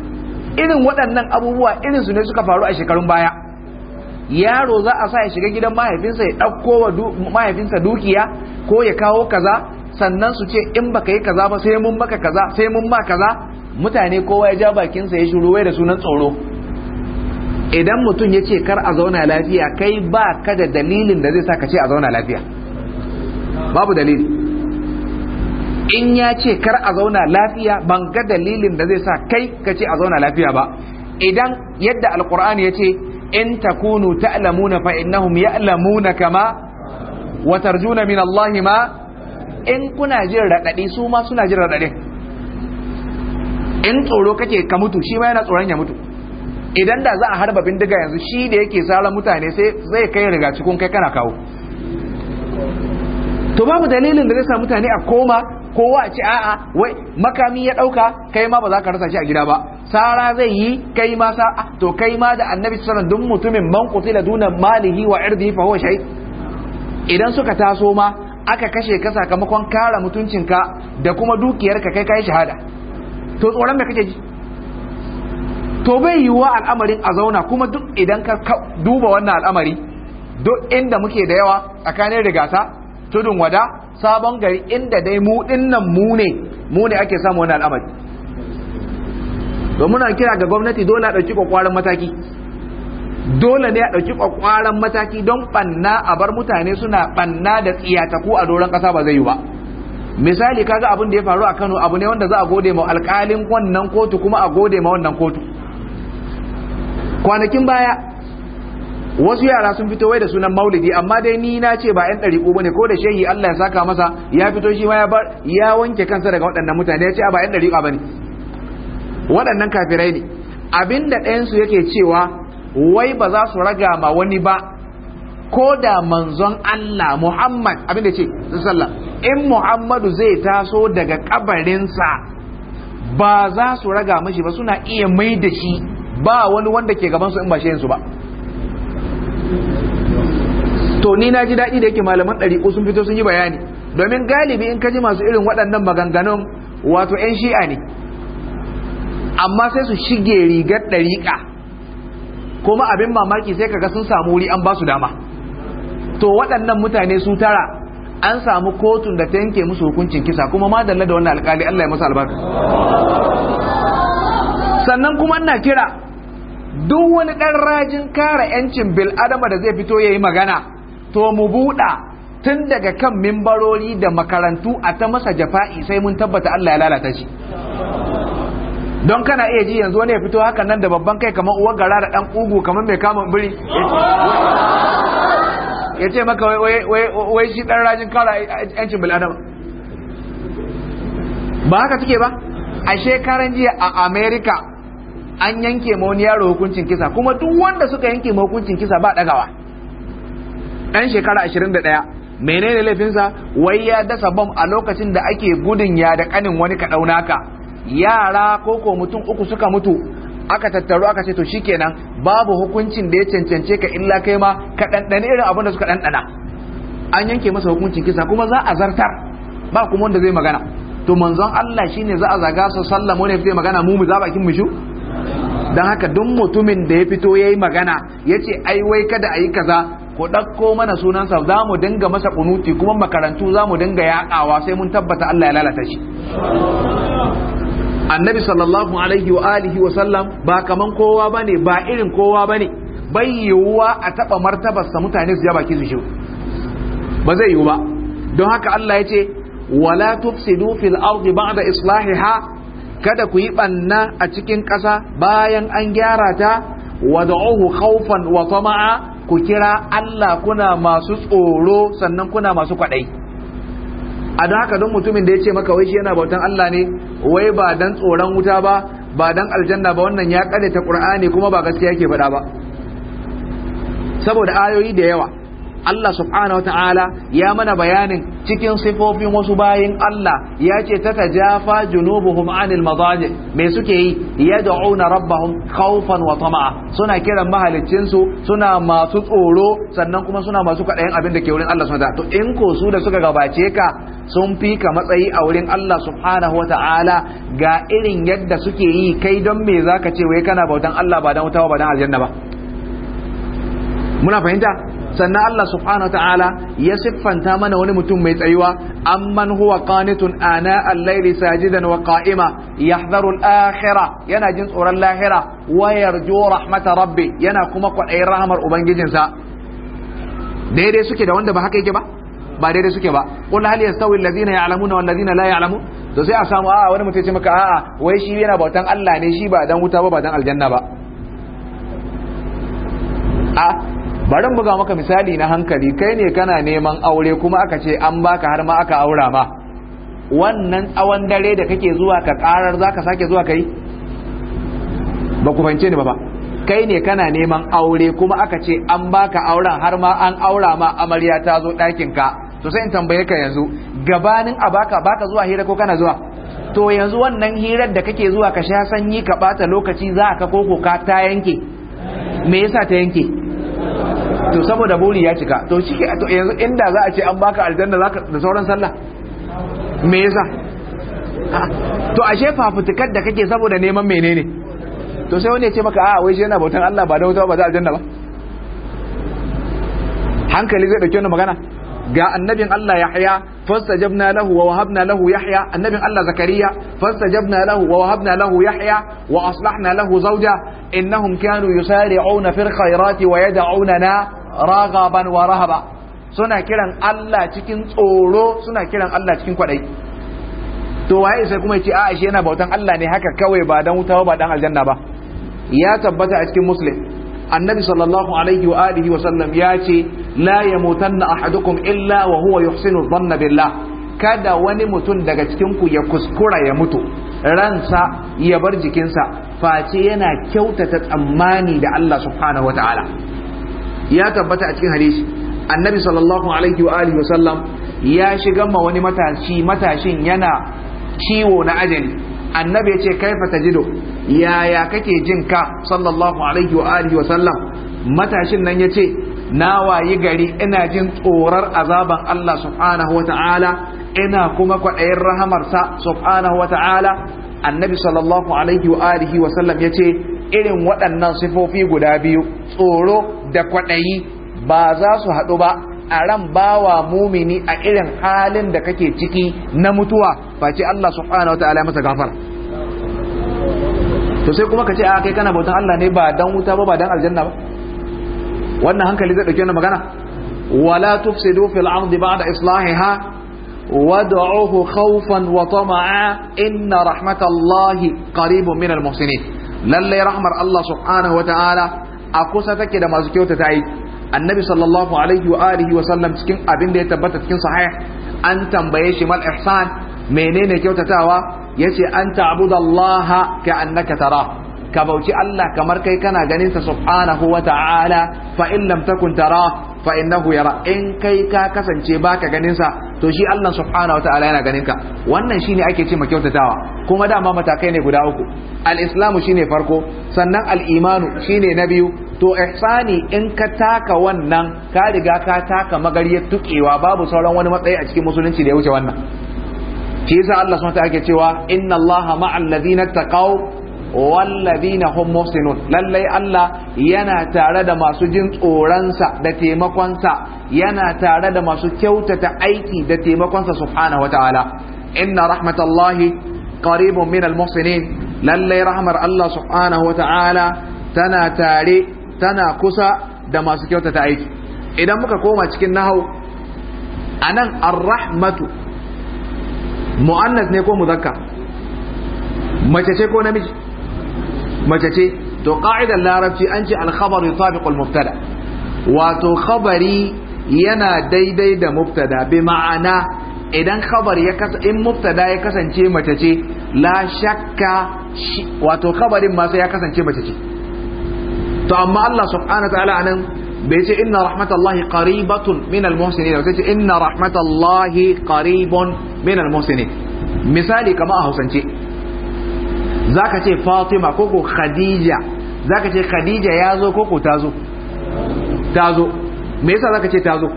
irin waɗannan abubuwa irinsu ne suka faru a shekarun baya yaro za a sa ya shiga gidan mahaifinsa ya ɗauko wa mahaifinsa dukiya ko ya kawo kaza sannan su ce in baka yi kaza ba sai mun maka kaza sai mun ma kaza mutane kowa ya ja bakinsa ya shiru wai da sunan tsoro idan mutum ya ce kar a zauna lafiya kai ba ka da dalilin da zai sa ka ce a zauna lafiya babu dalili in ya ce kar a zauna lafiya ban ga dalilin da zai sa kai ka ce a zauna lafiya ba idan yadda alkur'ani ya ce in takunu ta'lamuna fa innahum ya'lamuna kama wa tarjuna min Allah ma in kuna jin radadi su ma suna jin radadin in tsoro kake ka mutu shi ma yana tsoron ya mutu idan da za a harba bindiga yanzu shi da yake tsara mutane sai zai kai riga cikin kai kana kawo to babu dalilin da zai sa mutane a koma kowa a a'a wai makami ya dauka kai ma ba za ka rasa shi a gida ba sara zai yi kai ma sa ah, to kai ma da annabi sallallahu duk mutumin man qutila duna malihi wa irdihi fa huwa shay idan suka taso ma aka kashe ka sakamakon kare mutuncinka da kuma dukiyarka kai kai shahada to tsoron me kake ji to bai yiwuwa al'amarin a zauna kuma duk idan ka duba wannan al'amari duk inda muke da yawa tsakanin rigasa tudun wada sabon gari inda dai mu dinnan mu ne mu ne ake samu wani al'amari domin kira ga gwamnati dole a ɗauki kwakwaran mataki dole ne a ɗauki kwakwaran mataki don ɓanna a bar mutane suna ɓanna da tsiyataku a doron ƙasa ba zai yi ba misali kaga abin da ya faru a Kano abu ne wanda za a gode ma alƙalin wannan kotu kuma a gode ma wannan kotu kwanakin baya wasu yara sun fito wai da sunan maulidi amma dai ni na ce ba yan ɗariƙo bane ko da shehi Allah ya saka masa ya fito shi ma ya bar ya wanke kansa daga waɗannan mutane ya ce ba yan ɗariƙo bane waɗannan kafirai ne abinda ɗayan su yake cewa wai ba za su raga ma wani ba ko da manzon Allah Muhammad abinda ce sallallahu in Muhammadu zai taso daga kabarinsa ba za su raga mishi ba suna iya mai da shi ba wani wanda ke gaban su in ba su ba to ni na ji daɗi da yake malaman ɗariƙu sun fito sun yi bayani domin galibi in ka ji masu irin waɗannan maganganun wato 'yan shi'a ne amma sai su shige rigar ɗariƙa kuma abin mamaki sai kaga sun samu wuri an ba su dama to waɗannan mutane su tara an samu kotun da ta yanke musu hukuncin kisa kuma ma dalla da wannan alƙali Allah ya masa albarka sannan kuma ina kira duk wani ɗan rajin kare 'yancin bil'adama da zai fito ya yi magana to mu buɗa tun daga kan mimbarori da makarantu a ta masa jafa'i sai mun tabbata Allah ya lalata shi don kana iya ji yanzu wani ya fito hakan nan da babban kai kamar uwar gara da ɗan ugu kamar mai kamun biri ya ce maka wai shi ɗan rajin kara yancin bil'adama ba haka suke ba a shekaran jiya a Amerika, an yanke ma wani yaro hukuncin kisa kuma duk wanda suka yanke ma hukuncin kisa ba ɗagawa. ɗan shekara 21 menene laifinsa wai ya dasa bom a lokacin da ake gudun ya da kanin wani ka yara ko ko mutum uku suka mutu aka tattaru aka ce to shikenan babu hukuncin da ya cancance ka illa kai ma ka ɗanɗani irin abin da suka ɗanɗana an yanke masa hukuncin kisa kuma za a zartar ba kuma wanda zai magana to manzon Allah shine za a zaga su sallama ne zai magana mu mu za bakin mu shu dan haka duk mutumin da ya fito yayi magana yace ai wai kada ayi kaza ku ɗauko mana sunansa za mu dinga masa kunuti kuma makarantu za mu dinga yaƙawa sai mun tabbata Allah ya lalata shi annabi sallallahu alaihi wa alihi wa sallam ba kaman kowa bane ba irin kowa bane bai yiwuwa a taba martabarsa mutane su ja baki su shi ba zai yiwu ba don haka Allah ya ce wala tufsidu fil ardi ba'da islahiha kada ku yi banna a cikin ƙasa bayan an gyara ta wad'uhu khawfan wa tama'a ku kira Allah kuna masu tsoro sannan kuna masu kwaɗai a don haka don mutumin da ya ce maka wai shi yana bautan Allah ne wai ba dan tsoron wuta ba ba dan aljanna ba wannan ya ta ƙur'ani kuma ba gaskiya yake faɗa ba saboda ayoyi da yawa Allah subhanahu wataala ya mana bayanin cikin sifofin wasu bayin Allah ya ce ta jafa junubuhum anil madaji me suke yi ya yad'una rabbahum khawfan wa tama'a suna kiran mahalicin suna masu tsoro sannan kuma suna masu kwaɗayin abin da ke wurin Allah subhanahu wataala to in ko su da suka gabace ka sun fi ka matsayi a wurin Allah subhanahu wataala ga irin yadda suke yi kai don me zaka ce wai kana bautan Allah ba dan wuta ba dan aljanna ba muna fahimta sannan Allah subhanahu ta'ala ya siffanta mana wani mutum mai tsayuwa amman huwa qanitun ana al-layli sajidan wa qa'ima yahdharu al-akhirah yana jin tsoron lahira wa yarju rahmata rabbi yana kuma kwaɗayin rahamar ubangijinsa daidai suke da wanda ba haka yake ba ba daidai suke ba qul hal yastawi alladhina ya'lamuna wal ladina la ya'lamun to sai a samu a'a wani mutum ya ce maka a'a wai shi yana bautan Allah ne shi ba dan wuta ba ba dan aljanna ba a bari buga maka misali na hankali kai ne kana neman aure kuma aka ce an baka har ma aka aura ma wannan tsawon dare da kake zuwa ka karar zaka sake zuwa kai ba ku fahimce ni ba ba kai ne kana neman aure kuma aka ce an baka auren har ma an aura ma amarya ta zo ɗakin ka to sai in tambaye ka yanzu gabanin a baka baka zuwa hira ko kana zuwa to yanzu wannan hirar da kake zuwa ka sha sanyi ka bata lokaci za ka koko ka ta yanke me yasa ta yanke to saboda buri ya cika to shi to yanzu inda za a ce an baka aljanna zaka da sauran sallah me yasa to ashe fafutukar da kake saboda neman menene to sai wani ya ce maka a wai shi yana bautan Allah ba da wuta ba za aljanna ba hankali zai dauke wannan magana ga annabin Allah Yahya fastajabna lahu wa wahabna lahu Yahya annabin Allah Zakariya fastajabna lahu wa wahabna lahu Yahya wa aslahna lahu zawja innahum kanu yusari'una fil khairati wa yad'unana ragaban wa rahaba suna kiran Allah cikin tsoro suna kiran Allah cikin kwadai to waye sai kuma yace a'a shi yana bautan Allah ne haka kawai ba dan wuta ba dan aljanna ba ya tabbata a cikin muslim annabi sallallahu alaihi wa alihi wa sallam ya ce la yamutanna ahadukum illa wa huwa yuhsinu dhanna billah kada wani mutum daga cikin ku ya kuskura ya mutu ransa ya bar jikinsa face yana kyautata tsammani da Allah subhanahu ya tabbata a cikin hadisi annabi sallallahu alaihi wa alihi wasallam ya shiga ma wani matashi matashin yana ciwo na ajali annabi ya ce kaifa tajido yaya kake jin ka sallallahu alaihi wa alihi wasallam matashin nan ya ce na wayi gari ina jin tsorar azaban Allah subhanahu wa ta'ala ina kuma kwaɗayin rahamarsa subhanahu wa ta'ala annabi sallallahu alaihi wa alihi wasallam ya ce irin waɗannan sifofi guda biyu tsoro da kwaɗayi ba za su haɗu ba a ran bawa mumini a irin halin da kake ciki na mutuwa ce Allah subhanahu wa ta'ala masa to sai kuma ka ce a kai kana bautan Allah ne ba dan wuta ba ba dan aljanna ba wannan hankali zai dauke wannan magana wala tufsidu fil ardi ba'da islahiha wad'uhu khawfan wa tama'a inna rahmatallahi qaribun minal muhsinin lallai rahmar Allah subhanahu wa ta'ala a kusa take da masu kyauta ta yi annabi sallallahu alaihi wa alihi wa sallam cikin abin da ya tabbata cikin sahih an tambaye shi mal ihsan menene kyautatawa yace an ta'budallaha ka annaka tara ka bauci Allah kamar kai kana ganin sa subhanahu wa ta'ala fa in lam takun tara fa innahu yara in kai ka kasance baka ganin sa to shi Allah subhanahu wataala yana ganin ka wannan shine ake ce kyautatawa kuma dama matakai ne guda uku al-islamu shine farko sannan al-imanu shine na biyu to ihsani in ka taka wannan ka riga ka taka magariyar tukewa babu sauran wani matsayi a cikin musulunci da ya wuce wannan shi yasa Allah subhanahu wataala ke cewa inna Allaha ma'al ladina taqaw wallazina hum muhsinun lallai Allah yana tare da masu jin tsoronsa da taimakonsa yana tare da masu kyautata aiki da taimakonsa subhanahu wataala inna rahmatallahi qaribun minal muhsinin lallai rahmar Allah subhanahu wataala tana tare tana kusa da masu kyautata aiki idan muka koma cikin nahau anan arrahmatu mu'annas ne ko muzakka mace ce ko namiji mace ce to ƙa'idar larabci an ce alkhabaru sabiqul muftada wato khabari yana daidai da mubtada bi ma'ana idan khabar ya kasa in ya kasance mace ce la shakka wato khabarin ma sai ya kasance mace ce to amma Allah subhanahu ta'ala anan bai ce inna rahmatallahi qaribatun min almuhsinin sai ce inna rahmatallahi qaribun min almuhsinin misali kama a Hausance Za ka ce fatima ko ko khadija Za ka ce khadija ya zo ko ko ta zo ta zo me yasa za ka ce ta zo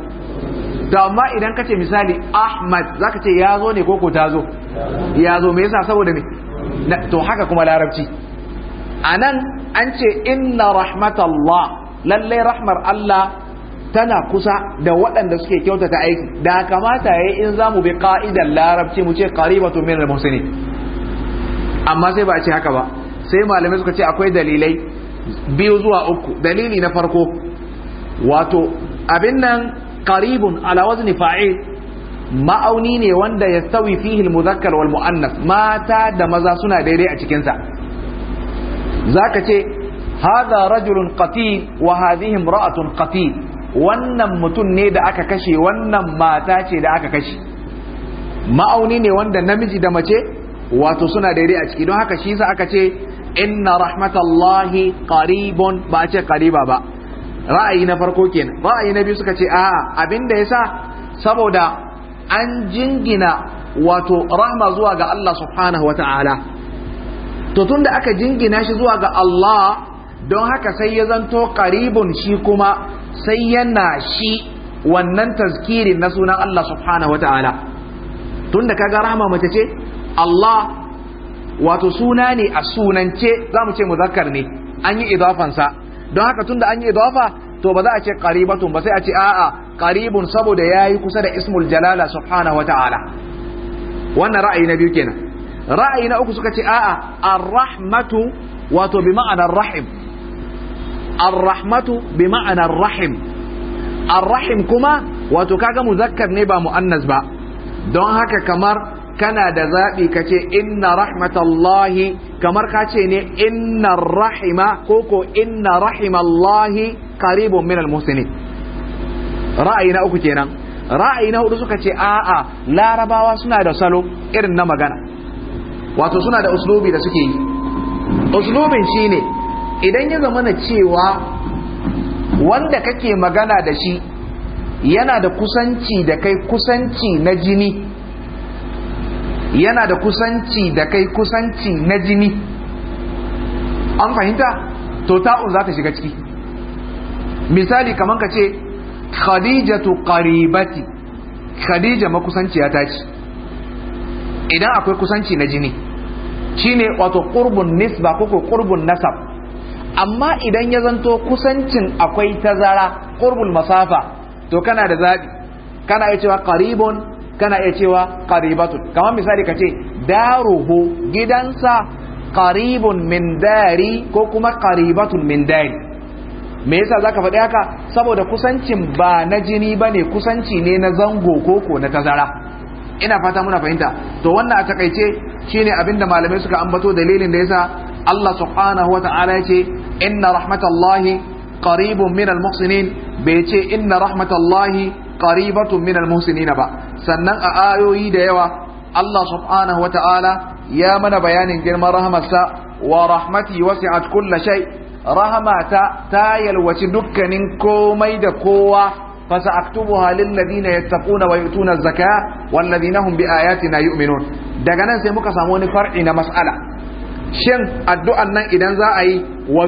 to amma idan ce misali ahmad ka ce ya zo ne ko ko ta zo ya zo me yasa saboda ne? to haka kuma larabci A nan an ce inna rahmatallah lalle rahmar Allah tana kusa da waɗanda suke kyautata aiki da kamata yayi in zamu bi ka'idar larabci mu ce qaribatu min al-muhsinin amma sai ba a ce haka ba sai malamai suka ce akwai dalilai biyu zuwa uku dalili na farko wato abin nan qaribun ala wazni fa'il ma'auni ne wanda ya stawi fihi al-muzakkar wal mu'annas mata da maza suna daidai a cikin sa zaka ce hadha rajulun qatil wa hadhihi imra'atun qatil wannan mutum ne da aka kashe wannan mata ce da aka kashe ma'auni ne wanda namiji da mace wato suna daidai a ciki don haka shi sa aka ce inna rahmatallahi qaribun ba ce qariba ba ra'ayi na farko kenan ra'ayi na biyu suka ce a'a abinda yasa saboda an jingina wato rahma zuwa ga Allah subhanahu wata'ala to tunda aka jingina shi zuwa ga Allah don haka sai ya zanto qaribun shi kuma sai yana shi wannan tazkirin na sunan Allah subhanahu wata'ala tunda kaga rahma mace ce Allah wato suna ne a sunance za mu ce muzakkar ne an yi idafansa don haka tunda an yi idafa to ba za a ce qaribatun ba sai a ce a'a qaribun saboda yayi kusa da ismul jalala subhanahu wataala wannan ra'ayi na biyu kenan ra'ayi na uku suka ce a'a arrahmatu. wato bi ma'anar rahim Arrahmatu bi ma'anar rahim Arrahim kuma wato kaga muzakkar ne ba muannas ba don haka kamar kana da zaɓi ka ce inna rahmatallahi kamar ka ce ne inna rahima ko ko inna rahimallahi qaribun minal muhsinin ra'ayi na uku kenan ra'ayi na hudu suka ce a'a larabawa suna da salo irin na magana wato suna da uslubi da suke yi uslubin shine idan ya zama na cewa wanda kake magana da shi yana da kusanci da kai kusanci na jini yana da kusanci da kai kusanci na jini an fahimta to ta'u za ta shiga ciki misali kamar ka ce Khadija tu karibati khadija kusanci ya ce idan akwai kusanci na jini shine wato ƙurbun nisba ko qurbun nasab amma idan ya zanto kusancin akwai tazara ƙurbun masafa to kana da zaɓi kana yi cewa qaribun kana iya cewa qaribatun kamar misali kace daruhu gidansa qaribun min dari ko kuma qaribatun min dari me yasa zaka faɗi haka saboda kusancin ba na jini bane kusanci ne na zango koko na tazara ina fata muna fahimta to wannan a takaice shine abinda malamai suka ambato dalilin da yasa Allah subhanahu wata'ala yace ce inna rahmatallahi qaribun minal muhsinin bai ce inna rahmatallahi qaribatun minal muhsinina ba sannan a ayoyi da yawa Allah subhanahu wata'ala ya mana bayanin girman rahamarsa wa rahmati wasi'at kulla shay rahmata ta yalwaci dukkanin komai da kowa فسأكتبها للذين zaka ويؤتون الزكاة والذين هم بآياتنا yuminun daga nan sai muka samu wani far'i na mas'ala shin addu'an nan idan za a yi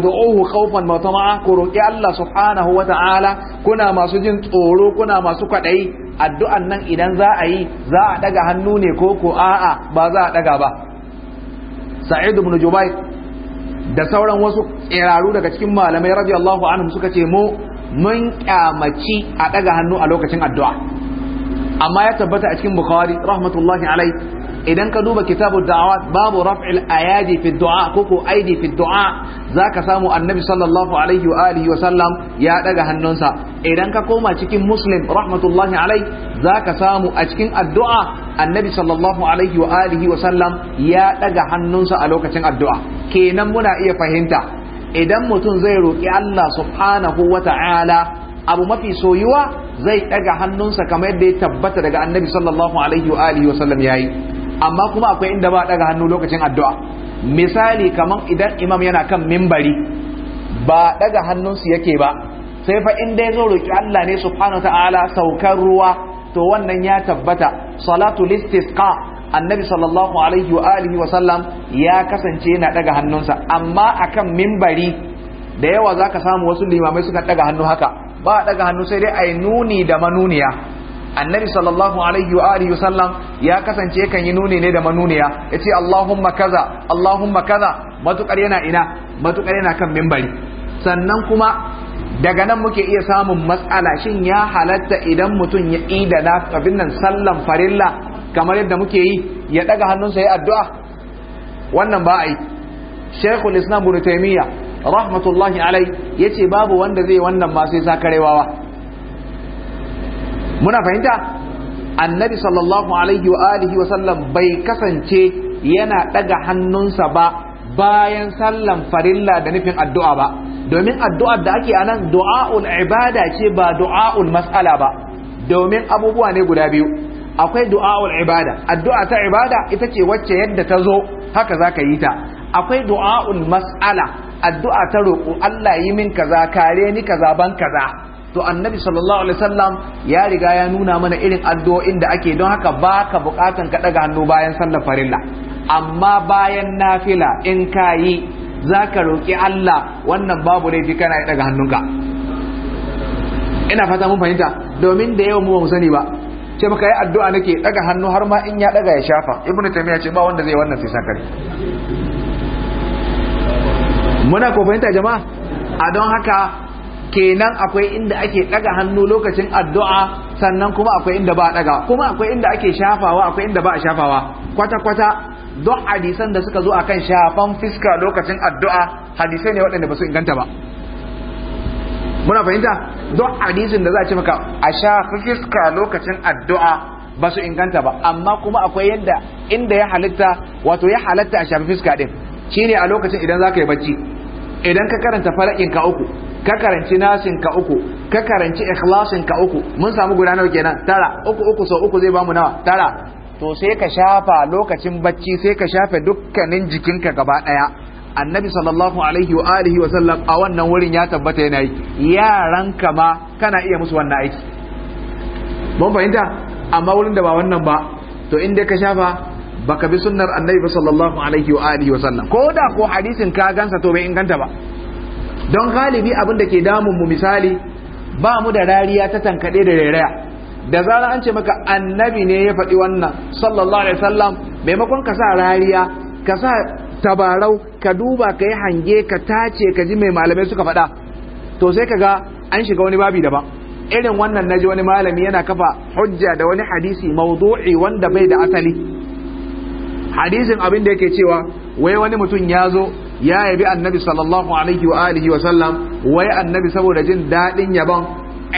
du'uhu khawfan ma tama'a ku roki Allah subhanahu wa ta'ala kuna masu jin tsoro kuna masu kwaɗayi, addu'an nan idan za a yi za a daga hannu ne ko ko a'a ba za a daga ba Sa'id ibn Jubay da sauran wasu tsiraru daga cikin malamai radiyallahu anhum suka ce mu mun kyamaci a daga hannu a lokacin addu'a amma ya tabbata a cikin Bukhari rahmatullahi alaihi idan ka duba kitabu da'awa babu raf'il ayadi fi du'a koko aidi fi du'a zaka samu annabi sallallahu alaihi wa alihi wa sallam ya daga hannunsa idan ka koma cikin muslim rahmatullahi alaihi zaka samu a cikin addu'a annabi sallallahu alaihi wa alihi wa sallam ya daga hannunsa a lokacin addu'a kenan muna iya fahimta idan mutum zai roki Allah subhanahu wa ta'ala abu mafi soyuwa zai ɗaga hannunsa kamar yadda ya tabbata daga annabi sallallahu alaihi wa alihi wa sallam yayi amma kuma akwai inda ba daga hannu lokacin addu'a misali kamar idan imam yana kan mimbari ba daga hannunsu yake ba sai fa in ya zo roki Allah ne subhanahu ta'ala saukar ruwa to wannan ya tabbata salatu listisqa annabi sallallahu alaihi wa alihi wa sallam ya kasance na daga hannunsa amma akan mimbari da yawa zaka samu wasu limamai suka daga hannu haka ba daga hannu sai dai ai nuni da manuniya annabi sallallahu alaihi wa alihi sallam ya kasance kan yi nuni ne da manuniya yace Allahumma kaza Allahumma kaza matukar yana ina matukar yana kan mimbari sannan kuma daga nan muke iya samun matsala shin ya halatta idan mutum ya ida na abin nan sallan farilla kamar yadda muke yi ya daga hannunsa ya addu'a wannan ba a yi Sheikhul Islam Ibn Taymiyyah rahmatullahi alai yace babu wanda zai wannan ma sai sakarewawa muna fahimta annabi sallallahu alaihi wa alihi wa sallam bai kasance yana daga hannunsa ba bayan sallan farilla da nufin addu'a ba domin addu'ar da ake anan du'a'ul ibada ce ba du'a'ul mas'ala ba domin abubuwa ne guda biyu akwai du'a'ul ibada addu'a ta ibada ita ce wacce yadda ta zo haka za ka yi ta akwai du'a'ul mas'ala addu'a ta roƙo Allah yi min kaza kare ni kaza ban kaza to annabi sallallahu alaihi wasallam ya riga ya nuna mana irin addu'o'in da ake don haka baka bukatan ka daga hannu bayan sallar farilla amma bayan nafila in kayi zaka roki Allah wannan babu laifi kana ya daga hannunka ina fata mun fahimta domin da yawa mu ba mu sani ba ce maka yi addu'a nake daga hannu har ma in ya daga ya shafa ibnu taymiya ce ba wanda zai wannan sai sakare muna ko fahimta jama'a a don haka kenan akwai inda ake daga hannu lokacin addu'a sannan kuma akwai inda ba daga kuma akwai inda ake shafawa akwai inda ba a shafawa kwata kwata duk hadisan da suka zo akan shafan fiska lokacin addu'a hadisai ne waɗanda ba su inganta ba muna fahimta duk hadisin da za a ce maka a shafi fiska lokacin addu'a ba su inganta ba amma kuma akwai yadda inda ya halitta wato ya halatta a shafi fiska din shine a lokacin idan za ka yi bacci idan ka karanta falakin ka uku ka karanci nasin ka uku ka karanci ikhlasin ka uku mun samu guda nawa kenan tara uku uku so uku zai bamu nawa tara to sai ka shafa lokacin bacci sai ka shafe dukkanin jikinka gaba daya annabi sallallahu alaihi wa alihi wa sallam a wannan wurin ya tabbata yana yi yaranka ma kana iya musu wannan aiki mun fahimta amma wurin da ba wannan ba to in dai ka shafa baka bi sunnar annabi sallallahu alaihi wa alihi wa sallam ko da ko hadisin ka gansa to bai inganta ba don galibi abin da ke damun mu misali ba mu da rariya ta tankade da rairaya da zara an ce maka annabi ne ya faɗi wannan sallallahu alaihi wasallam maimakon ka sa rariya ka sa tabarau ka duba ka yi hange ka tace ka ji mai malamai suka faɗa to sai ka ga an shiga wani babi daban irin wannan naji wani malami yana kafa hujja da wani hadisi mawdu'i wanda bai da asali hadisin abin da yake cewa wai wani mutum ya zo ya yabi annabi sallallahu alaihi wa alihi wa sallam wai annabi saboda jin dadin yabon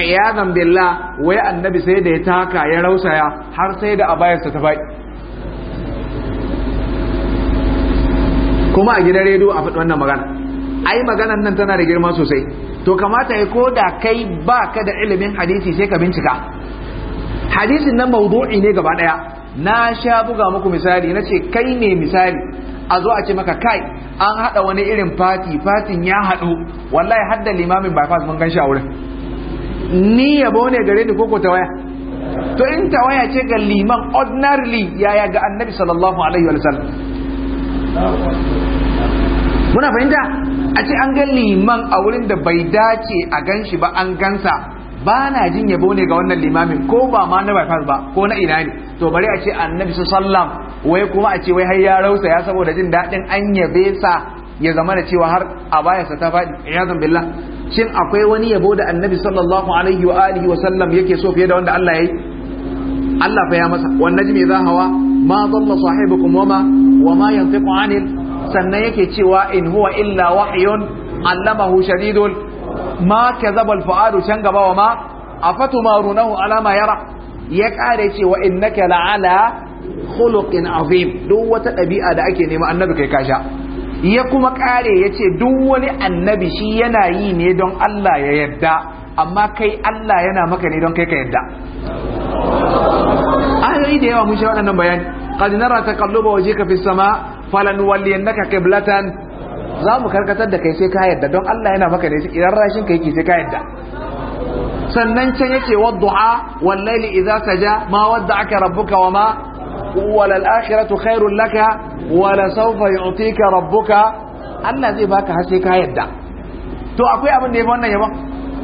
ayyadan billah wai annabi sai da ya taka ya rausaya har sai da abayarsa ta bai kuma a gidan rediyo a faɗi wannan magana ai maganar nan tana da girma sosai to kamata ya da kai ba ka da ilimin hadisi sai ka bincika hadisin nan maudu'i ne gaba ɗaya na sha buga muku misali na ce kai ne misali a zo a ce maka kai an hada wani irin fati fatin ya hadu wallahi hadda limamin bypass mun ganshi a wurin ni yabo ne gare ni koko tawaya to in tawaya ce ga liman ordinarily yaya ga annabi sallallahu alaihi wa sallam muna fahimta a ce an ga liman a wurin da bai dace a gan shi ba an gansa ba na jin yabo ne ga wannan limamin ko ba ma na bypass ba ko na ina ne to bari a ce annabi su sallam wai kuma a ce wai har ya rausa ya saboda jin daɗin an yabe sa ya zama da cewa har a sa ta faɗi iyazan billah shin akwai wani yabo da annabi sallallahu alaihi wa alihi wa sallam yake so fiye da wanda Allah yayi Allah fa ya masa wan najmi idha hawa ma dalla sahibukum wama wama yantiqu anil sannan yake cewa in huwa illa wahyun allamahu shadidul ma kazaba al-fuadu can gaba wa ma afatumarunahu ala alama yara ya kare ce wa innaka la'ala khuluqin azim duk wata ɗabi'a da ake nema annabi kai kasha ya kuma kare ya ce duk wani annabi shi yana yi ne don Allah ya yadda amma kai Allah yana maka ne don kai ka yadda ayoyi da yawa mun shi waɗannan bayani qad nara kalluba wajhika fis sama falanwalliyannaka qiblatan za mu karkatar da kai sai ka yadda don Allah yana maka da idan rashin ka yake sai ka yadda. sannan can yake wadduha wallahi idza saja ma wadda'aka rabbuka wama wala al-akhiratu khairul laka wala sawfa yu'tika rabbuka Allah zai baka har sai ka yadda. to akwai abin da yafi wannan yaban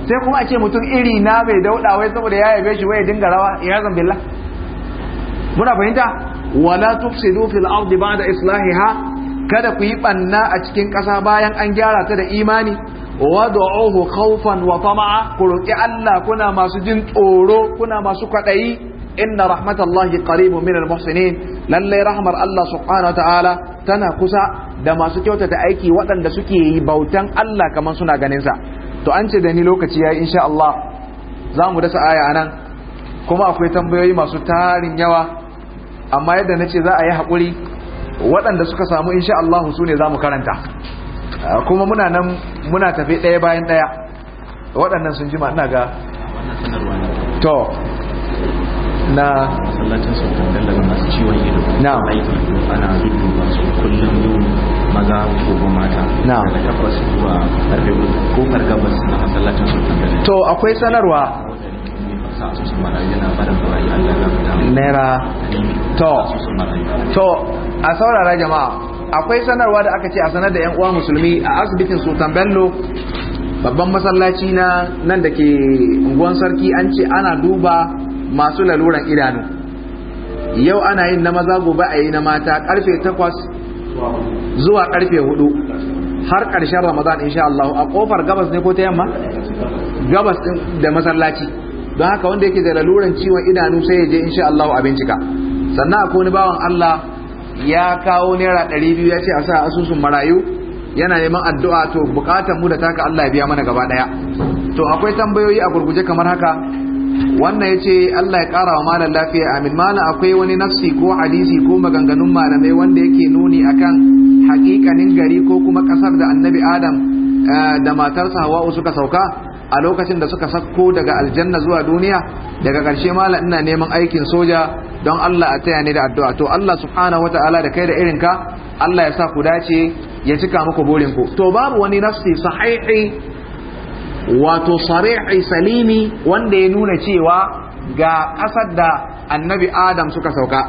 sai kuma a ce mutum iri na bai dauda wai saboda ya yabe shi wai dinga rawa ya zan billah muna fahimta wala tufsidu fil ardi ba'da islahiha kada ku yi banna a cikin ƙasa bayan an gyara ta da imani wad'uhu khawfan wa tama'a ku roki Allah kuna masu jin tsoro kuna masu kwadayi inna rahmatallahi qaribun minal muhsinin lalle rahmar Allah subhanahu ta'ala tana kusa da masu kyautata aiki waɗanda suke yi bautan Allah kamar suna ganin sa to an ce da ni lokaci yayi insha Allah za mu dasa aya anan kuma akwai tambayoyi masu tarin yawa amma yadda nace za a yi haƙuri waɗanda suka samu insha Allah su ne za mu karanta ah, kuma muna nan muna tafi ɗaya bayan ɗaya waɗannan sun jima ina ga to na masallacin sultan dallaba masu ciwon ido na aiki ana dudu masu kullum yi maza ko mata na daga tabbas zuwa karfe kofar gabas na masallacin sultan dallaba to akwai sanarwa naira to to a saurara jama'a akwai sanarwa da aka ce a sanar da 'yan uwa musulmi a asibitin sultan bello babban masallaci na nan da ke unguwan sarki an ce ana duba masu laluran idanu yau ana yin na maza gobe a yi na mata karfe 8 zuwa karfe 4 har ƙarshen ramadan insha Allah a kofar gabas ne ko ta yamma gabas da masallaci don haka wanda yake da laluran ciwon idanu sai ya je insha Allah a bincika sannan akwai wani bawan Allah ya kawo naira ɗari biyu ya ce a sa asusun marayu yana neman addu'a to bukatan mu da taka Allah ya biya mana gaba ɗaya to akwai tambayoyi a gurguje kamar haka wannan ya ce Allah ya kara wa malam lafiya amin malam akwai wani nafsi ko hadisi ko maganganun malamai wanda yake nuni akan hakikanin gari ko kuma ƙasar da annabi adam eh, da matarsa hawa'u suka sauka a lokacin da suka sakko daga aljanna zuwa duniya daga ƙarshe mala ina neman aikin soja don Allah a taya ni da addu'a to Allah subhanahu wata'ala da kai da irin ka Allah ya sa ku dace ya cika muku burin ku to babu wani nafsi sahihi wato sarihi salimi wanda ya nuna cewa ga ƙasar da annabi Adam suka sauka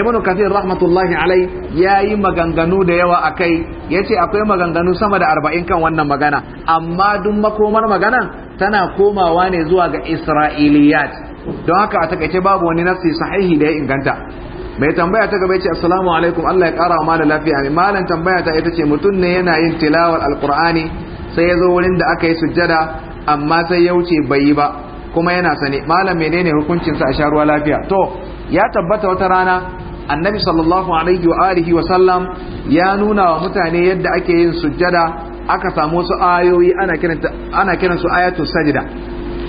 ibnu kathir rahmatullahi alai ya yi maganganu da yawa a kai ya ce akwai maganganu sama da arba'in kan wannan magana amma duk makomar magana tana komawa ne zuwa ga isra'iliyat don haka a takaice babu wani nafsi sahihi da ya inganta mai tambaya ta gaba ce assalamu alaikum Allah ya kara ma da lafiya ne Malam tambaya ta ita ce mutum ne yana yin tilawar alqur'ani sai ya zo wurin da aka yi sujjada amma sai ya wuce bai yi ba kuma yana sane malam menene hukuncinsa a sha ruwa lafiya to ya tabbata wata rana annabi sallallahu alaihi wa alihi wa sallam ya nuna wa mutane yadda ake yin sujjada aka samu su ayoyi ana kiranta ana kiran su ayatu sajda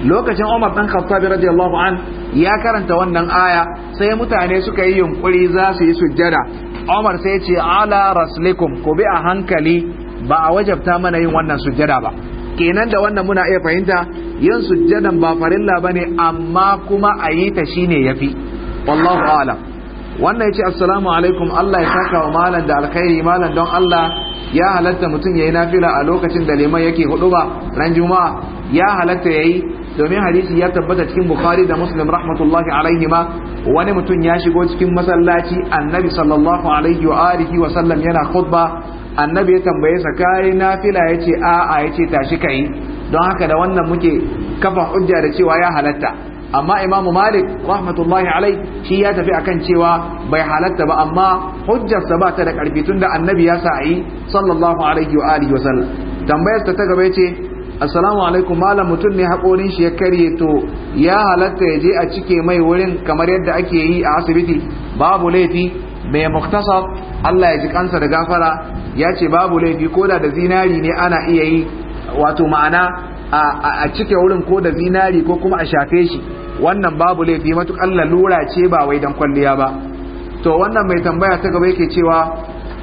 lokacin Umar dan Khattab radiyallahu an ya karanta wannan aya sai mutane suka yi yunkuri za su yi sujjada Umar sai ya ce ala raslikum ku bi a hankali ba a wajabta mana yin wannan sujjada ba kenan da wannan muna iya fahimta yin sujjadan ba farilla bane amma kuma a yi ta shine yafi wallahu a'lam wannan ce assalamu alaikum Allah ya saka wa malam da alkhairi malam don Allah ya halatta mutum ya yi nafila a lokacin da liman yake hudu ba ran juma'a ya halatta yayi domin hadisi ya tabbata cikin bukhari da muslim rahmatullahi alaihima wani mutum ya shigo cikin masallaci annabi sallallahu alaihi wa alihi wa sallam yana khutba annabi ya tambaye sa kai nafila yace a'a yace tashi kai don haka da wannan muke kafa hujja da cewa ya halatta amma imamu malik rahmatullahi alai shi ya tafi akan cewa bai halatta ba amma hujjarsa ba ta da karfi da annabi ya sa yi sallallahu alaihi wa alihi wa sallam tambayar ta gaba yace assalamu alaikum malam mutum ne hakorin shi ya karye to ya halatta ya je a cike mai wurin kamar yadda ake yi a asibiti babu laifi mai muktasar Allah ya ji kansa da gafara ya ce babu laifi koda da zinari ne ana iya yi wato ma'ana a cike wurin ko da zinari ko kuma a shafe shi wannan babu laifi Allah lalura ce ba wai dan kwalliya ba to wannan mai tambaya ta gaba yake cewa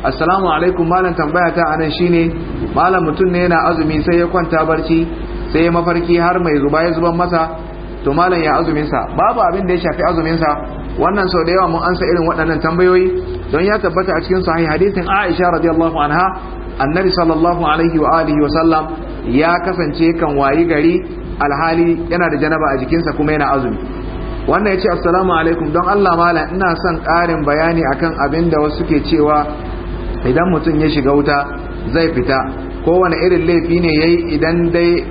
assalamu alaikum malam tambaya ta anan shine malam mutum ne yana azumi sai ya kwanta barci sai ya mafarki har mai zuba ya zuban masa to malam ya azumin sa babu abin da ya shafi azumin sa wannan sau da yawa mun ansa irin waɗannan tambayoyi don ya tabbata a cikin sahih hadisin Aisha radiyallahu anha annabi sallallahu alaihi wa alihi wa sallam ya kasance kan wayi gari alhali yana da janaba a jikinsa kuma yana azumi wannan ya ce assalamu alaikum don Allah mala ina son ƙarin bayani akan abin da wasu ke cewa idan mutum ya shiga wuta zai fita kowane irin laifi ne yayi idan dai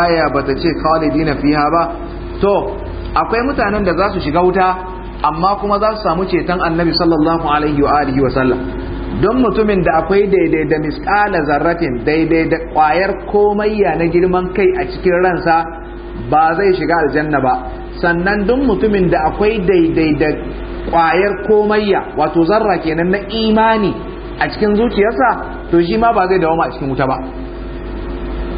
aya bata ce khalidina fiha ba to akwai mutanen da za su shiga wuta amma kuma za su samu ceton annabi sallallahu alaihi wa alihi wa sallam don mutumin da akwai daidai da miskala zarrafin daidai da ƙwayar komayya na girman kai a cikin ransa ba zai shiga aljanna ba sannan don mutumin da akwai daidai da ƙwayar komayya wato zarra kenan na imani a cikin zuciyarsa to shi ma ba zai dawo a cikin wuta ba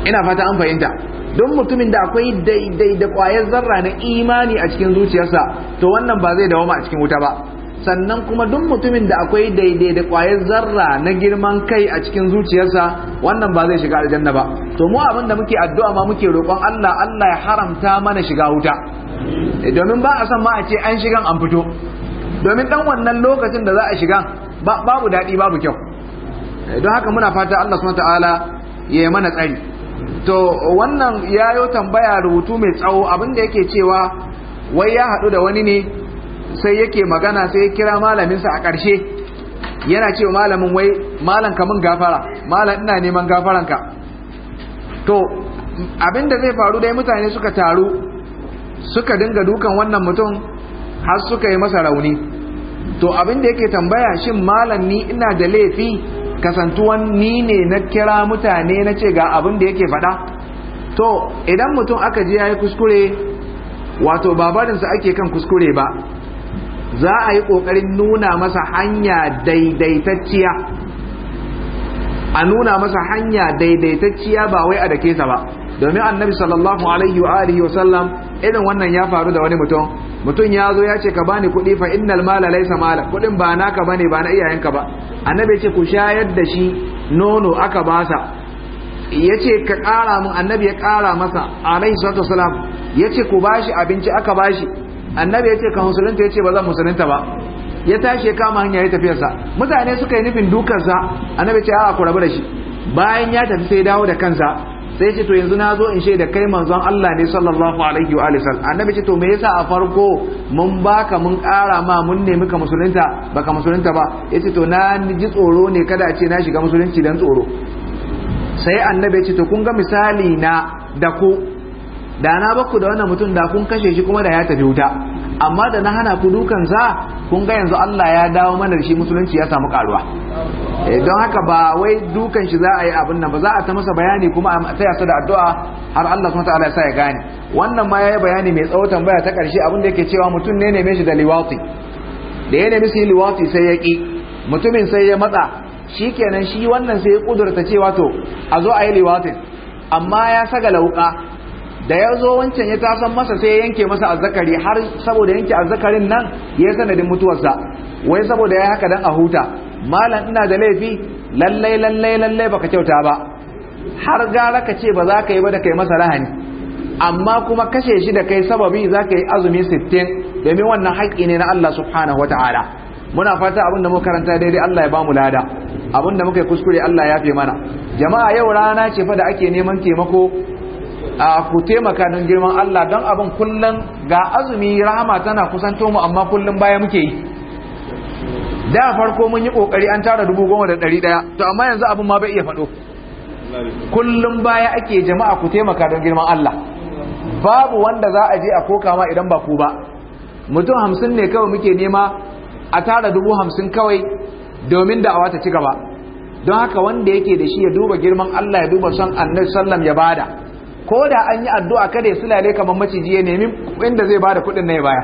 ina fata an fahimta don mutumin da akwai daidai da kwayar zarra na imani a cikin zuciyarsa to wannan ba zai dawo a cikin wuta ba sannan kuma duk mutumin da akwai daidai da kwayar zarra na girman kai a cikin zuciyarsa wannan ba zai shiga aljanna ba to mu abin da muke addu'a ma muke roƙon Allah Allah ya haramta mana shiga wuta eh, domin ba a son ma a ce an shigan an fito domin dan wannan lokacin da za a shigan babu daɗi babu kyau eh, don haka muna fata Allah subhanahu ta'ala ya yi mana tsari to wannan yayo tambaya rubutu mai tsawo abin da yake cewa wai ya haɗu da wani ne sai yake magana sai ya kira malaminsa a ƙarshe yana cewa malamin wai malam mun gafara malam ina neman gafaranka to abinda zai faru dai mutane suka taru suka dinga dukan wannan mutum har suka yi masa rauni to abinda yake tambaya shin malam ni ina da laifi kasantuwan ni ne na kira mutane na ce ga abin da yake faɗa to idan mutum aka je ya kuskure wato babarinsa ake kan kuskure ba za a yi ƙoƙarin nuna masa hanya daidaitacciya a nuna masa hanya daidaitacciya ba wai a da kesa ba domin annabi sallallahu alaihi wa alihi wa sallam irin wannan ya faru da wani mutum mutum ya zo ya ce ka bani kuɗi fa innal mala laysa mala kuɗin ba naka bane ba na iyayenka ba annabi ya ce ku shayar da shi nono aka basa Yace ka ƙara mun annabi ya ƙara masa alaihi salatu wasalam yace ku bashi abinci aka bashi annabi ya ce kan musulunta ya ce ba zan musulunta ba ya tashi ya kama hanya ya tafiyarsa mutane suka yi nufin dukansa annabi ce a ku rabu da shi bayan ya tafi sai dawo da kansa sai ce to yanzu na zo in shaida kai manzon Allah ne sallallahu alaihi wa sallam annabi ce to me yasa a farko mun baka mun kara ma mun nemi ka musulunta baka musulunta ba yace to na ji tsoro ne kada a ce na shiga musulunci dan tsoro sai annabi ce to kun ga misali na da ku da na baku da wannan mutum da kun kashe shi kuma da ya tafi wuta amma da na hana ku dukan za kun ga yanzu Allah ya dawo mana da shi musulunci ya samu karuwa eh, don haka ba wai dukan shi za a yi abin nan ba za a ta masa bayani kuma a taya su da addu'a har Allah subhanahu wataala ya sa ya gane wannan ma yayi bayani mai tsawo tambaya ta karshe abin da yake cewa mutum ne ne mai shi da liwati da ya nemi shi liwati sai ya ki mutumin sai ya matsa Shi shikenan shi wannan sai ya kudurta cewa to a zo a yi liwati amma ya sagala lauka da ya zo wancan ya tasan masa sai ya yanke masa azzakari har saboda yanke azzakarin nan ya sanadin mutuwarsa wai saboda ya haka dan a huta malam ina da laifi lallai lallai lallai baka kyauta ba har gara ka ce ba za ka yi ba da kai masa rahani amma kuma kashe shi da kai sababi za ka yi azumi sittin domin wannan haƙƙi ne na Allah subhanahu wata'ala muna fata abin da muka karanta daidai Allah ya bamu lada abin da muka yi kuskure Allah ya fi mana jama'a yau rana ce fa da ake neman taimako a ku taimaka don girman Allah don abin kullum ga azumi rahama tana kusanto mu amma kullum baya muke yi da farko mun yi kokari an tara dubu goma da ɗari ɗaya to amma yanzu abin ma bai iya faɗo kullum baya ake jama'a ku taimaka don girman Allah babu wanda za a je a koka ma idan ba ku ba mutum hamsin ne kawai muke nema a tara dubu hamsin kawai domin da'awa ta ci gaba don haka wanda yake da shi ya duba girman Allah ya duba son annabi sallam ya bada ko da an yi addu'a kada ya sulale kamar maciji ya nemi inda zai bada kuɗin na ya baya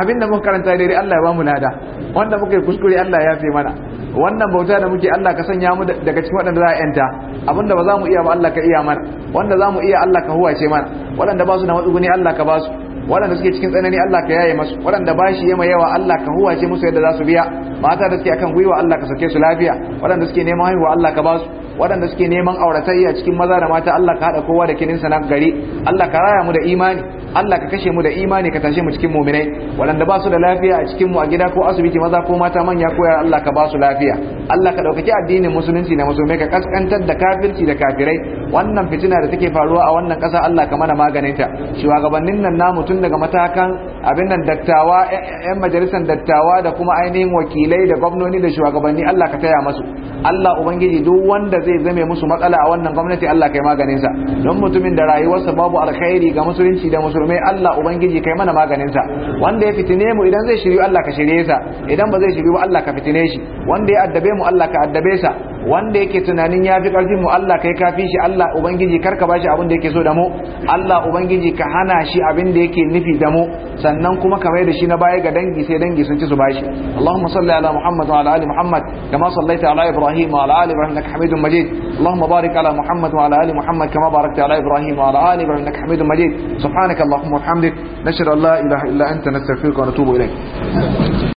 abin da muka karanta dare Allah ya ba mu lada wanda muka yi kuskure Allah ya fi mana wannan bauta da muke Allah ka sanya mu daga cikin waɗanda za a yanta abinda ba za mu iya ba Allah ka iya mana wanda za mu iya Allah ka huwace mana waɗanda ba su na matsuguni Allah ka ba su waɗanda suke cikin tsanani Allah ka yaye masu waɗanda ba shi yama yawa Allah ka huwace musu yadda za su biya mata da suke akan gwiwa Allah ka sauke su lafiya waɗanda suke neman haihuwa Allah ka ba su waɗanda suke neman auratayya cikin maza da mata Allah ka haɗa kowa da kinin na gari Allah ka raya mu da imani Allah ka kashe mu da imani ka tashe mu cikin muminai waɗanda ba su da lafiya a cikin mu a gida ko asibiti maza ko mata manya ko yara Allah ka ba su lafiya Allah ka ɗaukaki addinin musulunci na musulmi ka kaskantar da kafirci da kafirai wannan fitina da take faruwa a wannan ƙasa Allah ka mana maganinta shugabannin nan namu tun daga matakan abin nan dattawa yan majalisar dattawa da kuma ainihin wakilai da gwamnoni da shugabanni Allah ka taya masu Allah ubangiji duk wanda zai zame musu matsala a wannan gwamnati Allah kai maganin sa don mutumin da rayuwarsa babu alkhairi ga musulunci da musulmai Allah ubangiji kai mana maganinsa. sa wanda ya fitine mu idan zai shiryu Allah ka shirye sa idan ba zai shiryu ba Allah ka fitine shi wanda ya addabe mu Allah ka addabe sa wanda yake tunanin ya fi ƙarfin mu Allah kai kafi shi Allah ubangiji karka bashi abin da yake so da mu Allah ubangiji ka hana shi abin da yake nufi da mu sannan kuma ka mai da shi na baya ga dangi sai dangi sun ci su bashi Allahumma salli ala Muhammad wa ala ali Muhammad kama sallaita ala Ibrahim wa ala ali Ibrahim innaka Hamidum Majid Allahumma barik ala Muhammad wa ala ali Muhammad kama barakta ala Ibrahim wa ala ali Ibrahim innaka Hamidum Majid subhanaka Allahumma wa bihamdik nashhadu an la ilaha illa anta nastaghfiruka wa natubu ilayk